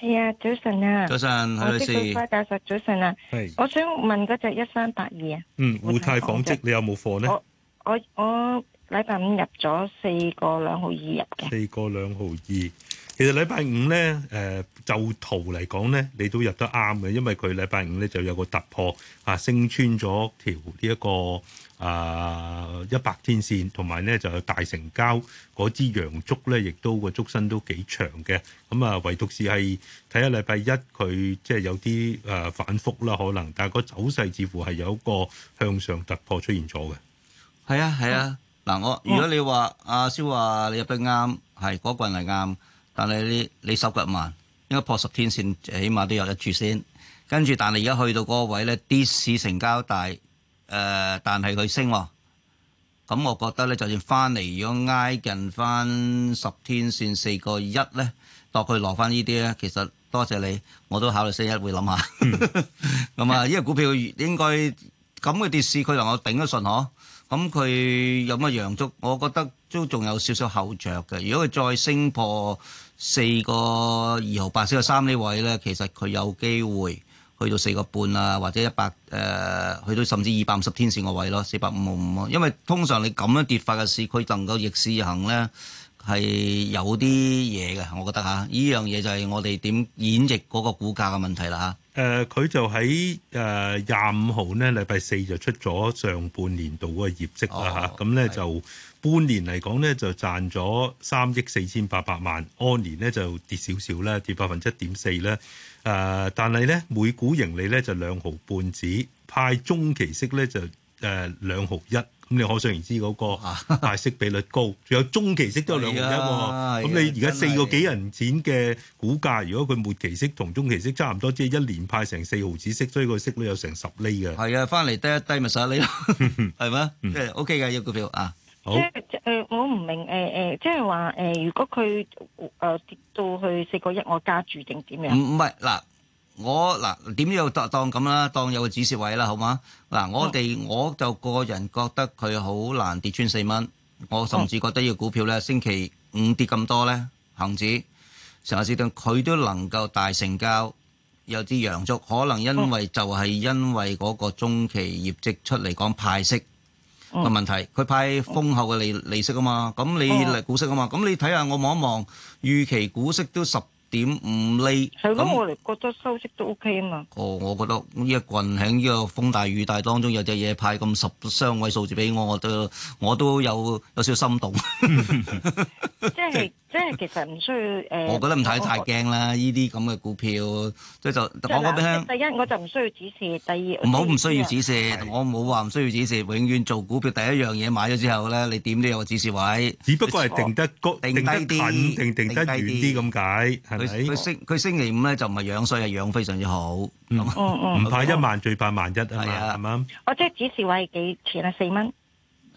係啊，早晨啊，早晨，我識桂花教授，早晨啊，係是，我想問嗰隻一三八二啊，嗯，互太紡織你有冇貨咧？我我我禮拜五入咗四個兩毫二入嘅，四個兩毫二。其實禮拜五咧，誒、呃、就圖嚟講咧，你都入得啱嘅，因為佢禮拜五咧就有個突破啊，升穿咗條呢、這、一個啊一百天線，同埋咧就有大成交。嗰支陽燭咧，亦都個燭身都幾長嘅。咁啊，唯獨是係睇下禮拜一佢即係有啲誒、啊、反覆啦，可能，但係個走勢似乎係有一個向上突破出現咗嘅。係啊，係啊，嗱、啊，我如果你話阿蕭話你入得啱，係嗰、那個、人係啱。但係你你手腳慢，應該破十天線，起碼都有一柱先。跟住，但係而家去到嗰個位咧，跌市成交大，誒、呃，但係佢升，咁、嗯、我覺得咧，就算翻嚟如果挨近翻十天線四個一咧，當佢落翻呢啲咧，其實多謝你，我都考慮先一會諗下。咁啊， 嗯、 因為股票應該咁嘅跌市，佢同我頂得順呵。咁佢、嗯、有乜陽燭？我覺得都仲有少少後著嘅。如果佢再升破，四個二毫八，四個三位呢位咧，其實佢有機會去到四個半啊，或者一百誒、呃，去到甚至二百五十天線個位咯，四百五毫五啊。因為通常你咁樣跌法嘅市，佢能夠逆市行咧，係有啲嘢嘅，我覺得嚇。呢、啊、樣嘢就係我哋點演繹嗰個股價嘅問題啦嚇。啊誒佢、呃、就喺誒廿五號呢禮拜四就出咗上半年度嗰個業績啦嚇，咁咧就半年嚟講咧就賺咗三億四千八百萬，按年咧就跌少少啦，跌百分之一點四啦。誒、呃、但係咧每股盈利咧就兩毫半紙，派中期息咧就。誒兩毫一，咁你可想而知嗰個大息比率高，仲有中期息都有兩毫一喎。咁你而家四個幾人錢嘅股價，如果佢末期息同中期息差唔多，即係一年派成四毫子息，所以個息率有成十厘嘅。係啊，翻嚟低一低咪十厘咯，係嘛？即係 OK 嘅，Eugene 啊，好。即係誒，我唔明誒誒，即係話誒，如果佢誒跌到去四個一，我加註定點樣？唔唔係嗱。我嗱點又當咁啦，當有個止蝕位嗎啦，好嘛？嗱，我哋我就個人覺得佢好難跌穿四蚊。我甚至覺得呢個股票咧，星期五跌咁多咧，恒指成日跌到，佢都能夠大成交，有啲陽燭。可能因為就係因為嗰個中期業績出嚟講派息嘅問題，佢、oh. oh. 派豐厚嘅利利息啊嘛。咁你嚟股息啊嘛。咁你睇下我望一望，預期股息都十。點五厘，係囉，我哋覺得收息都 OK 啊嘛。哦的，那我覺得呢一棍喺呢個風大雨大當中，有隻嘢派咁十雙位數字俾我，我都我都有有少少心動 。 即係。即係其實唔需要誒，我覺得唔睇太驚啦，呢啲咁嘅股票，即係就講講俾聽。第一我就唔需要指示，第二唔好唔需要指示，我冇話唔需要指示。永遠做股票第一樣嘢買咗之後咧，你點都有個指示位。只不過係定得高，定低啲，定定得遠啲咁解，係佢星佢星期五咧就唔係樣衰，係樣非常之好。唔怕一萬最怕萬一啊嘛，係嘛？我即係指示位幾錢啊？四蚊。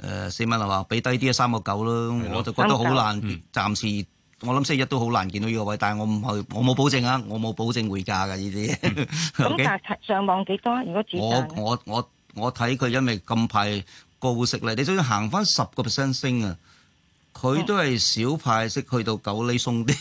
誒四蚊係嘛？俾、呃、低啲啊，三個九咯，的我就覺得好難。暫 3. 9?、嗯、時我諗星期一都好難見到呢個位，但係我唔係我冇保證啊，我冇保證回價嘅呢啲。咁價、 嗯、上望幾多？如果主，我我我我睇佢，因為近排高息咧，你想要行翻十個 percent 升啊，佢都係小派息去到九厘鬆啲。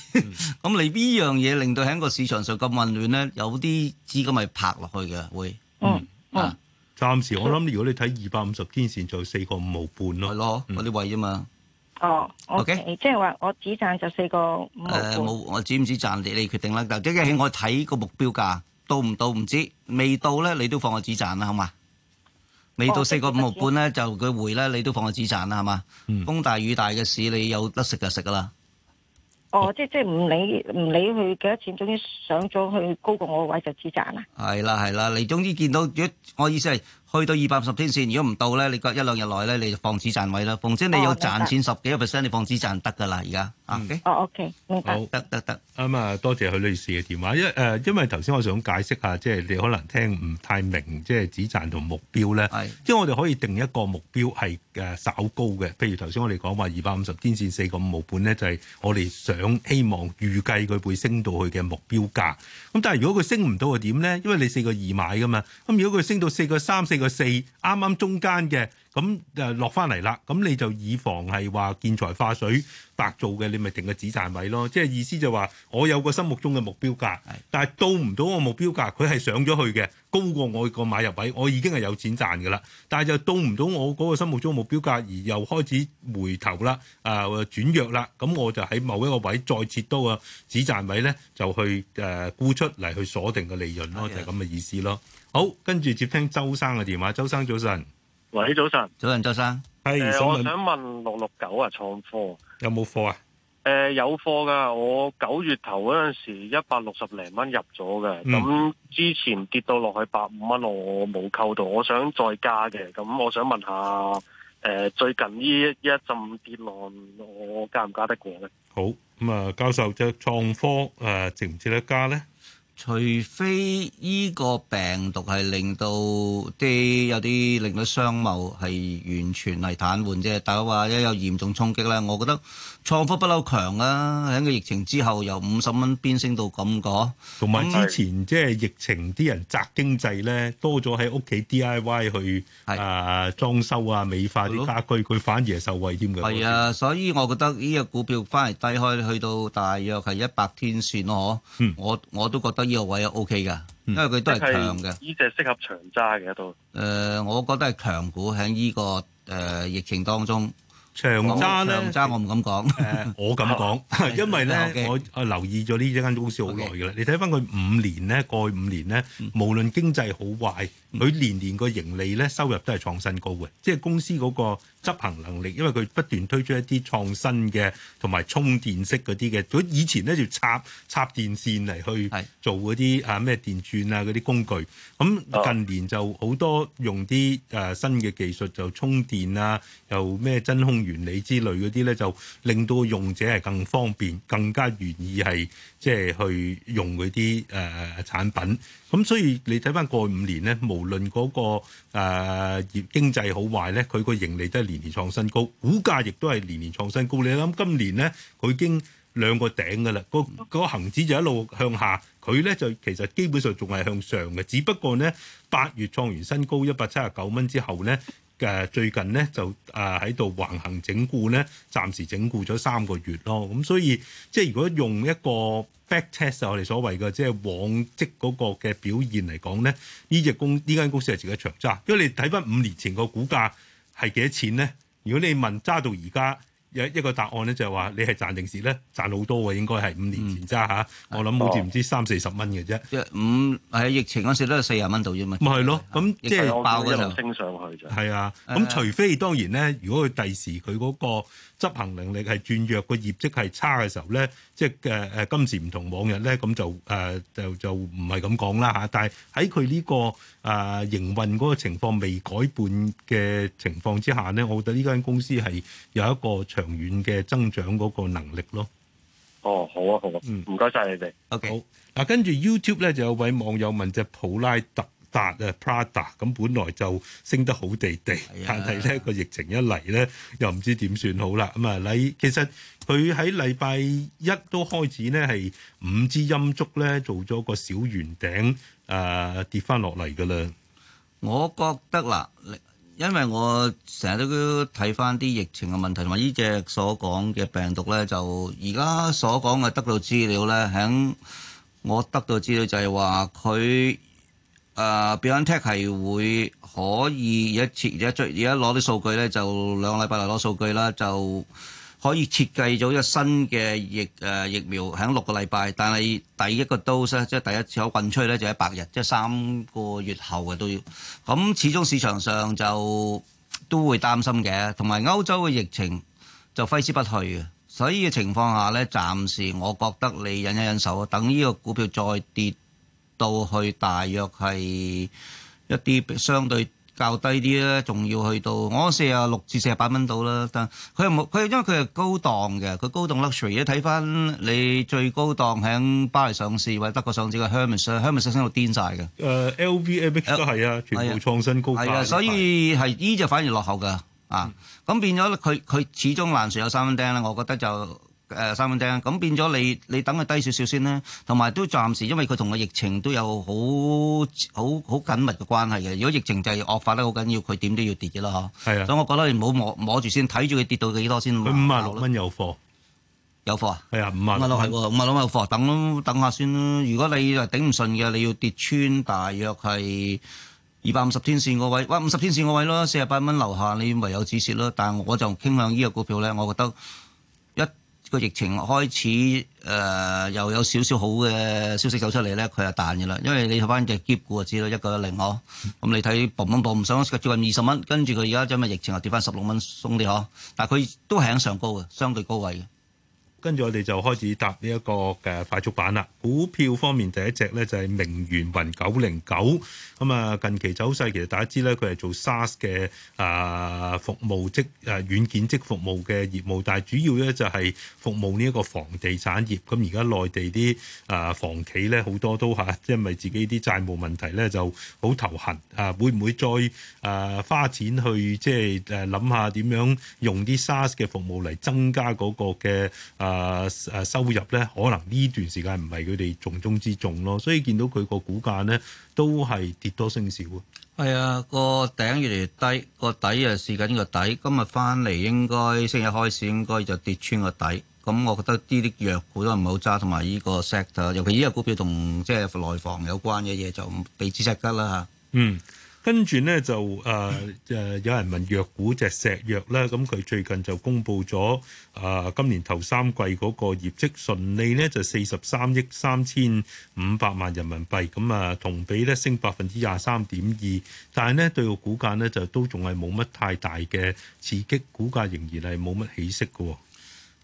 咁你呢樣嘢令到喺個市場上咁混亂咧，有啲資金咪拍落去嘅會。嗯，嗯啊。暫時我諗，如果你睇二百五十天線就四個五毫半咯，係咯，嗰啲位啫嘛。哦，O K，即係話我止賺就四個五。誒，冇，我止唔止賺你，你決定啦。但係即係我睇個目標價到唔到唔知，未到咧，你都放我止賺啦，好嘛？未到四個五毫半咧，就佢回咧，你都放我止賺啦，係嘛？嗯、風大雨大嘅市，你有得食就食噶啦。哦，即係即係唔理唔理佢幾多錢，總之上咗去高過我嘅位就止賺啦。係啦係啦，你總之見到，如果我意思係。去到二百五十天線，如果唔到咧，你隔一兩日內咧，你就放止賺位啦。馮生，你要賺錢十幾個 percent，你放止賺得噶啦，而家啊，OK，明白，得得得。咁啊，多謝許女士嘅電話。因誒、呃，因為頭先我想解釋下，即係你可能聽唔太明，即係止賺同目標咧。係，即係我哋可以定一個目標係誒稍高嘅，譬如頭先我哋講話二百五十天線四個五毫半咧，就係我哋想希望預計佢會升到佢嘅目標價。咁但係如果佢升唔到嘅點咧？因為你四個二買噶嘛，咁如果佢升到四個三、四個四啱啱中間嘅，咁誒落翻嚟啦，咁你就以防係話見財化水白做嘅，你咪定個止賺位咯。即係意思就話我有個心目中嘅目標價，但係到唔到我目標價，佢係上咗去嘅，高過我個買入位，我已經係有錢賺噶啦。但係就到唔到我嗰個心目中目標價，而又開始回頭啦，誒、呃、轉弱啦，咁我就喺某一個位再設多個止賺位咧，就去誒沽、呃、出嚟，去鎖定嘅利潤咯，就係咁嘅意思咯。好，跟住接聽周生嘅電話。周生早晨。喂早晨，早晨周生。誒、呃，我想問六六九啊，創科有冇貨啊？誒、呃，有貨噶。我九月頭嗰陣時一百六十零蚊入咗嘅。咁、嗯、之前跌到落去百五蚊，我冇溝到。我想再加嘅。咁我想問下，誒、呃，最近呢一一陣跌浪，我加唔加得過咧？好，咁、嗯、啊，教授即係創科誒，值唔值得加咧？除非呢個病毒係令到啲有啲令到商貿係完全係癱瘓啫，大家話一有嚴重衝擊咧，我覺得創科不嬲強啊！喺個疫情之後由五十蚊變升到咁個，同埋還有、嗯、之前即係疫情啲人宅經濟咧，多咗喺屋企 D I Y 去的啊裝修啊美化啲家居，佢的反而係受惠添。嘅的。係啊，所以我覺得呢個股票翻嚟低開去到大約係一百天線咯，嗯、我我都覺得。呢個位又 OK 㗎，因為佢都係強嘅。呢隻適合長揸嘅都。誒、呃，我覺得係強股喺呢個、呃、疫情當中。長揸咧，長揸我唔敢講，呃，我敢講， 因為咧，我留意咗呢一間公司好耐嘅啦。Okay. 你睇翻佢五年咧，過去五年咧，無論經濟好壞，佢年年個盈利咧，收入都係創新高嘅。即係公司嗰個執行能力，因為佢不斷推出一啲創新嘅同埋充電式嗰啲嘅。佢以前咧就插插電線嚟去做嗰啲啊咩電鑽啊嗰啲工具。咁近年就好多用啲誒新嘅技術就充電啊，又咩真空。原理之類嗰啲咧，就令到用者係更方便，更加願意係即係去用嗰啲誒產品。咁、嗯、所以你睇返過去五年咧，無論嗰、嗰個誒業、呃、經濟好壞咧，佢個盈利都係年年創新高，股價亦都係年年創新高。你諗今年咧，佢已經兩個頂㗎喇，嗰個恆指就一路向下，佢咧就其實基本上仲係向上嘅，只不過咧八月創完新高一百七十九蚊之後咧。誒最近咧就誒喺度橫行整固咧，暫時整固咗三個月咯。咁、嗯、所以即係如果用一個 backtest 我哋所謂嘅即係往績嗰個嘅表現嚟講咧，呢隻公呢間公司係自己長揸，因為你睇返五年前個股價係幾多錢咧？如果你問揸到而家。有一個答案咧，就係話你係賺定蝕咧？賺好多喎，應該係五年前揸嚇，嗯、我諗好似唔知三四十蚊嘅啫。一五喺疫情嗰時都係四十蚊到啫嘛。咪係咯，咁即係爆嗰陣升上去就係啊。咁、嗯啊嗯、除非當然咧，如果佢第時佢嗰個執行能力係轉弱，個業績係差嘅時候咧，即係誒誒今時唔同往日咧，咁就誒、呃、就、呃、就唔係咁講啦嚇。但係喺佢呢個。誒、啊、營運嗰個情況未改變嘅情況之下呢，我覺得呢間公司係有一個長遠嘅增長嗰個能力咯。哦，好啊，好啊，嗯，唔該晒你哋。Okay. 好嗱，跟住 YouTube 咧就有位網友問隻普拉特。達啊 Prada 咁，本來就升得好地地，但係咧個疫情一嚟咧，又唔知點算好啦。咁啊，禮其實佢喺禮拜一都開始咧係五支陰燭咧，做咗個小圓頂啊、呃，跌翻落嚟噶啦。我覺得嗱，因為我成日都睇翻啲疫情嘅問題同埋呢隻所講嘅病毒咧，就而家所講嘅得到資料咧，喺我得到資料就係話佢。誒、uh, BioNTech 係會可以一家而家最而家攞啲數據咧，就兩個禮拜內攞數據啦，就可以設計咗一個新嘅疫誒疫苗，響六個禮拜。但係第一個 dose 咧，即係第一次運出去咧，就一百日，即係三個月後嘅都要。咁始終市場上就都會擔心嘅，同埋歐洲嘅疫情就揮之不去嘅。所以嘅情況下咧，暫時我覺得你忍一忍手啊，等呢個股票再跌。到去大約係一啲相對較低啲咧，仲要去到我四啊六至四啊八蚊到啦。但佢又冇佢，因為佢係高檔嘅，佢高檔 luxury。你睇翻你最高檔喺巴黎上市或者德國上市嘅 hermes，hermes 升到癲曬嘅。誒，lvmh 都係啊，全部創新高價。係啊，所以係呢隻反而落後嘅啊。咁變咗咧，佢佢始終爛船有三分釘咧。我覺得就。誒三分鐘，咁變咗你你等佢低少少先啦，同埋都暫時，因為佢同個疫情都有好好好緊密嘅關係嘅。如果疫情就係惡化得好緊要，佢點都要跌嘅啦，嗬的。所以我覺得你唔好摸摸住先，睇住佢跌到幾多先。五啊六蚊有貨，有貨啊？係啊，五啊六五啊六蚊有貨，等咯，等下先咯。如果你係頂唔順嘅，你要跌穿大約係二百五十天線個位，哇五十天線個位咯，四十八蚊樓下，你唯有止蝕咯。但係我就傾向呢個股票咧，我覺得。個疫情開始，呃、又有少少好嘅消息走出嚟咧，佢就彈嘅啦。因為你睇翻隻堅股啊，知道一個一零呵，咁你睇嘭嘭嘭，上咗最近二十蚊，跟住佢而家因為疫情又跌翻十六蚊，鬆啲呵，但係佢都係喺上高嘅，相對高位。跟住我哋就開始搭呢一個嘅快速版啦。股票方面第一隻咧就係明源雲九零九咁啊，近期走勢其實大家知咧，佢係做 SaaS 嘅啊服務即啊軟件即服務嘅業務，但係主要咧就係服務呢一個房地產業。咁而家內地啲啊房企咧好多都嚇，因為自己啲債務問題咧就好頭痕啊，會唔會再啊花錢去即係誒諗下點樣用啲 SaaS 嘅服務嚟增加嗰個嘅啊？啊！啊！收入咧，可能呢段時間唔係佢哋重中之重咯，所以見到佢個股價咧都係跌多升少。係啊，個頂越嚟越低，個底啊試緊個底。今日翻嚟應該，星期一開始應該就跌穿個底。咁我覺得呢啲藥股都唔好揸，同埋呢個 sector，尤其呢個股票同即係內房有關嘅嘢就避之則吉啦嚇。嗯。跟住呢，就誒誒、呃呃、有人問藥股隻石藥咧，咁佢最近就公布咗啊、呃，今年頭三季嗰個業績順利呢就四十三億三千五百萬人民幣，咁、嗯、啊同比咧升百分之廿三點二，但係呢，對個股價呢，就都仲係冇乜太大嘅刺激，股價仍然係冇乜起色嘅。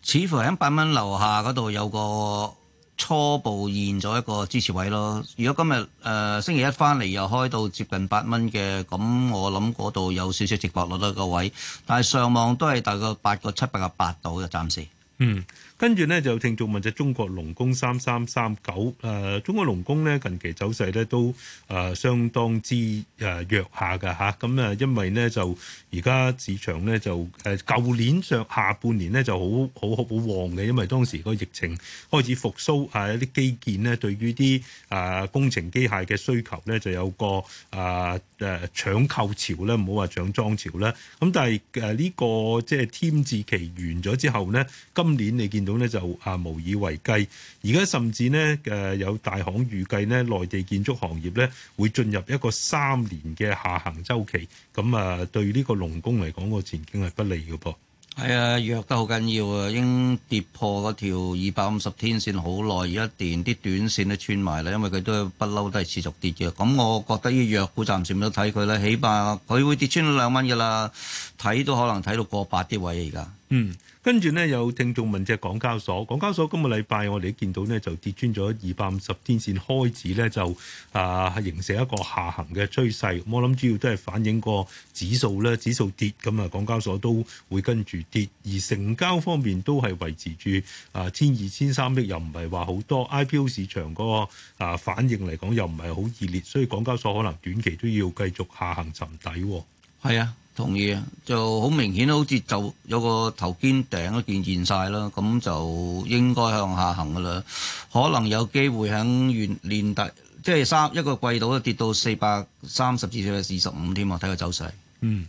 似乎喺百蚊樓下嗰度有個。初步現咗一個支持位咯。如果今日誒、呃、星期一翻嚟又開到接近八蚊嘅，咁我諗嗰度有少少直落落咗個位，但係上望都係大概八個七、八個八到嘅，暫時。嗯。跟住咧就聽眾問就中國龍工三三三九，誒中國龍工咧近期走勢咧都誒相當之誒弱下㗎吓，咁啊因為咧就而家市場咧就誒舊、啊、年上下半年咧就好好好旺嘅，因為當時個疫情開始復蘇啊一啲基建咧對於啲誒工程機械嘅需求咧就有個誒誒搶購潮啦，唔好話搶裝潮啦。咁、啊、但係誒呢個即係、啊這個就是、添置期完咗之後咧，今年你見。咁咧就啊無以為繼，而家甚至呢，誒有大行預計咧，內地建築行業咧會進入一個三年嘅下行周期，咁啊對呢個龍工嚟講個前景係不利嘅噃。係啊、哎，弱得好緊要啊，已經跌破嗰條二百五十天線好耐而家連啲短線都穿埋啦，因為佢都不嬲都係持續跌嘅。咁我覺得呢個弱股暫時都睇佢咧，起碼佢會跌穿兩蚊嘅啦。睇都可能睇到過百啲位啊！而家，嗯，跟住呢，有聽眾問隻港交所，港交所今個禮拜我哋見到呢，就跌穿咗二百五十天線，開始呢，就啊、呃、形成一個下行嘅趨勢。我諗主要都係反映個指數咧，指數跌，咁啊，港交所都會跟住跌。而成交方面都係維持住啊，千二千三億，又唔係話好多 IPO 市場嗰個啊反應嚟講又唔係好熱烈，所以港交所可能短期都要繼續下行沉底。係啊。同意啊，就好明顯，好似就有個頭肩頂都見現晒啦，咁就應該向下行噶啦。可能有機會喺年底，即係三一個季度咧跌到四百三十至四百四十五添啊！睇個走勢。嗯，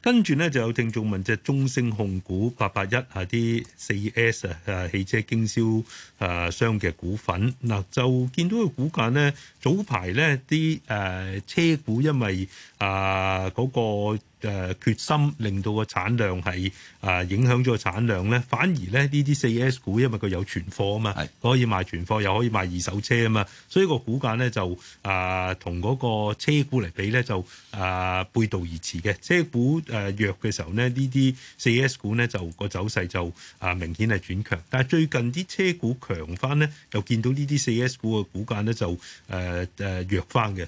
跟住咧就有聽眾問，即係中升控股八八一啊啲四 S 啊汽車經銷啊商嘅股份嗱、啊，就見到個股價咧早排咧啲誒車股，因為啊嗰、嗰個誒、呃、決心令到個產量係啊、呃、影響咗個產量咧，反而咧呢啲四 S 股，因為佢有存貨啊嘛，的可以賣存貨，又可以賣二手車啊嘛，所以個股價咧就啊同嗰個車股嚟比咧就啊、呃、背道而馳嘅。車股誒、呃、弱嘅時候咧，呢啲四 S 股咧就個、呃、走勢就啊明顯係轉強。但係最近啲車股強翻咧，又見到呢啲四 S 股嘅股價咧就誒誒、呃呃、弱翻嘅。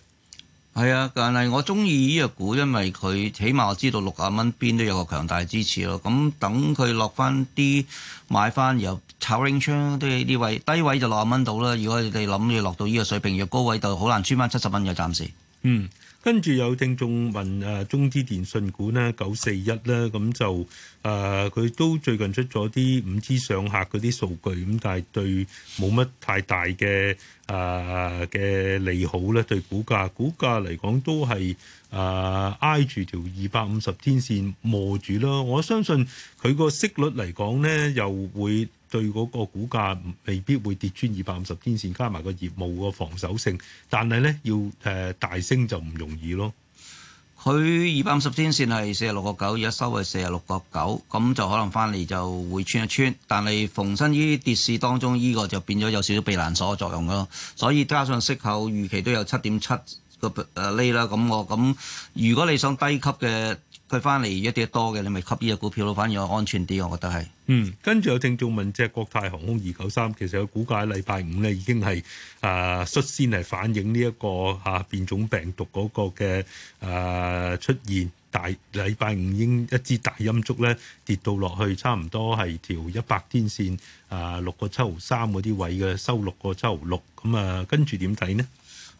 係啊，但係我中意呢隻股，因為佢起碼我知道六啊蚊邊都有個強大支持咯。咁等佢落翻啲買翻，然後炒 encash 都呢位低位就六十蚊到啦。如果你哋諗你落到呢個水平，若高位就好難穿翻七十蚊嘅暫時。嗯。跟住有聽眾問，誒，中資電訊股咧九四一咧，咁就誒佢都最近出咗啲五 G 上客嗰啲數據，咁但係對冇乜太大嘅誒嘅利好咧，對股價，股價嚟講都係誒、呃、挨住條二百五十天線磨住咯。我相信佢個息率嚟講呢，又會，對嗰個股價未必會跌穿二百五十天線，加埋個業務個防守性，但係咧要誒、呃、大升就唔容易咯。佢二百五十天線係四十六個九，而家收係四十六個九，咁就可能翻嚟就會穿一穿，但係逢身於跌市當中，依、呢個就變咗有少少避難所作用咯。所以加上息口預期都有七點七個厘啦，咁我咁如果你想低級嘅。佢翻嚟一啲多嘅，你咪吸呢個股票咯，反而又安全啲，我覺得係。嗯，跟住有聽眾問，即係國泰航空，二九三，其實個股價喺禮拜五咧已經係啊率先係反映呢一個啊變種病毒嗰個嘅啊出現，大禮拜五應一支大陰燭咧跌到落去，差唔多係條一百天線啊六個七毫三嗰啲位嘅，收六個七毫六，咁啊跟住點睇呢？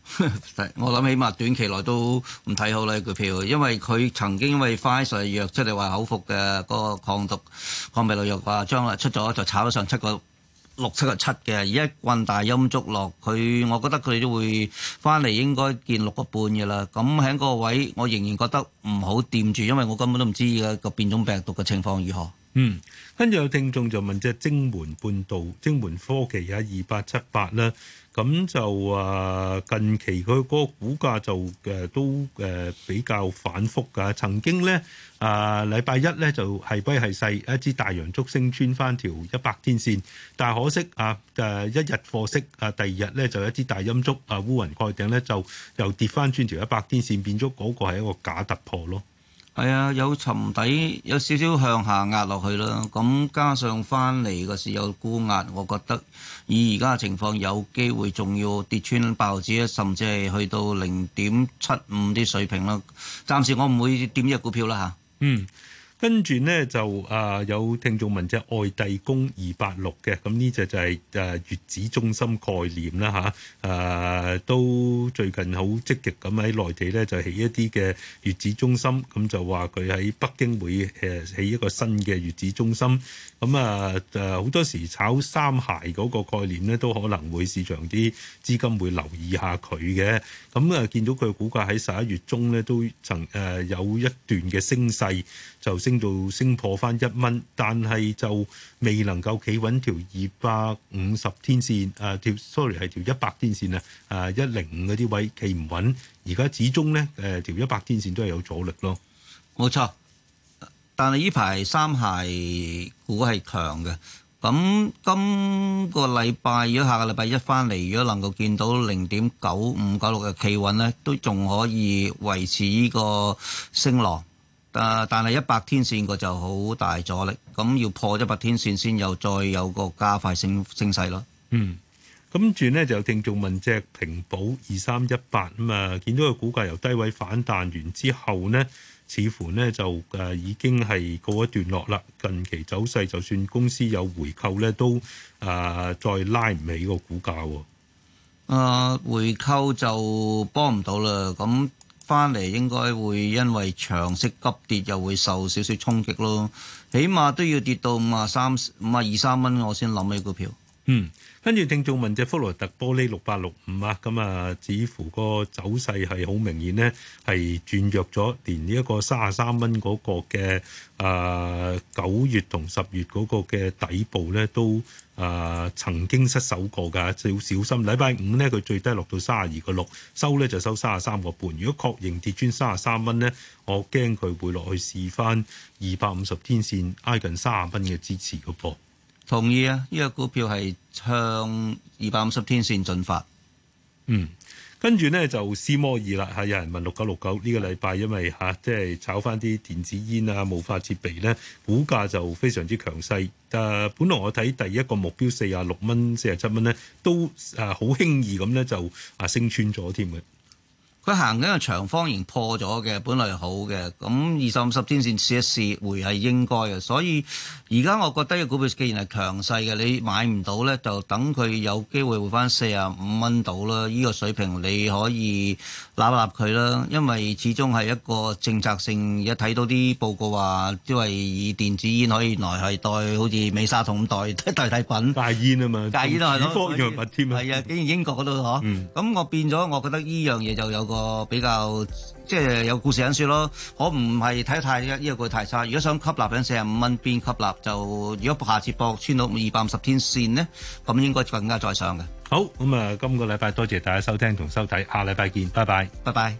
我諗起碼短期內都唔睇好啦，個票，因為佢曾經因為快上藥出嚟話口服嘅嗰、嗰個抗毒抗病毒藥話將嚟出咗就炒上七個六七個七嘅，而一棍大陰燭落佢，我覺得佢都會翻嚟應該見六個半嘅啦。咁喺嗰個位，我仍然覺得唔好掂住，因為我根本都唔知而家個變種病毒嘅情況如何。嗯，跟住有聽眾就問即係晶門半導、晶門科技啊，二八七八啦。咁就啊，近期佢嗰個股價就誒都誒比較反覆㗎。曾經呢啊，呃、禮拜一呢，就係歸係細一支大陽燭升穿翻條一百天線，但係可惜啊，誒一日貨息啊，第二日呢，就一支大陰燭啊，烏雲蓋頂呢，就又跌翻穿條一百天線，變咗嗰個係一個假突破咯。係啊，有沉底，有少少向下壓落去啦。咁加上翻嚟個時有沽壓，我覺得以而家嘅情況，有機會仲要跌穿爆指，甚至係去到零點七五啲水平啦。暫時我唔會點呢隻股票啦嚇。嗯。跟住呢，就啊、呃、有聽眾問隻愛帝宮二八六嘅，咁呢隻就係誒月子中心概念啦吓，誒、啊、都最近好積極咁喺內地呢，就起一啲嘅月子中心咁、嗯、就話佢喺北京會誒起一個新嘅月子中心咁、嗯、啊誒好多時炒三孩嗰個概念呢，都可能會市場啲資金會留意下佢嘅。咁啊見到佢估股價喺十一月中呢，都曾誒、啊、有一段嘅升勢。就升到升破翻一蚊，但係就未能夠企穩條二百五十天線，誒、啊、條，sorry 係條一百天線啊，誒一零五嗰啲位企唔穩，而家始終咧誒、啊、條一百天線都係有阻力咯。冇錯，但係呢排三鞋股係強嘅，咁今個禮拜如果下個禮拜一翻嚟，如果能夠見到零點九五、九六嘅企穩咧，都仲可以維持呢個升浪。啊！但係一百天線個就好大阻力，咁要破一百天線先，又再有個加快升升勢咯。嗯，咁轉，咧就聽眾問隻平保二三一八咁啊，見到個股價由低位反彈完之後呢，似乎呢就誒、呃、已經係告一段落啦。近期走勢就算公司有回購呢，都、呃、啊再拉唔起個股價。啊、呃，回購就幫唔到啦。咁、嗯。返嚟應該會因為長息急跌又會受少少衝擊咯，起碼都要跌到五啊三五啊二三蚊，我先諗呢股票。嗯，跟住聽眾問隻福萊特玻璃六八六五啊，咁啊，似乎個走勢係好明顯呢，係轉弱咗，連呢一個三十三蚊嗰個嘅啊九月同十月嗰個嘅底部呢，都、呃、啊曾經失守過噶，要小心。禮拜五呢，佢最低落到三十二個六，收呢，就收三十三個半。如果確認跌穿三十三蚊呢，我驚佢會落去試翻二百五十天線挨近三十蚊嘅支持個噃。同意啊！呢個股票係向二百五十天線進發。嗯，跟住呢，就思摩爾啦，係有人問六九六九呢個禮拜，因為吓、啊、即係炒翻啲電子煙啊、霧化設備呢，股價就非常之強勢。誒、啊，本來我睇第一個目標四十六蚊、四十七蚊呢，都誒好輕易咁呢，就啊升穿咗添嘅。佢行緊個長方形破咗嘅，本來好嘅，咁二十五十天線試一試，回係應該嘅。所以而家我覺得嘅股票既然係強勢嘅，你買唔到咧，就等佢有機會回翻四啊五蚊度啦。呢、這個水平你可以揦揦佢啦，因為始終係一個政策性。一睇到啲報告話，都係以電子煙可以來係代，好似美沙酮代代替代品。戒煙啊嘛，健康藥物添啊。係啊，竟然英國度呵，咁、嗯、我變咗，我覺得依樣嘢就有個。個比較即係有故事緊說咯，我唔係睇太，因為佢太差。如果想吸納緊四十五蚊邊吸納，就如果下次博穿到二百五十天線咧，咁應該更加再上嘅。好咁啊！今個禮拜多謝大家收聽同收睇，下禮拜見，拜拜，拜拜。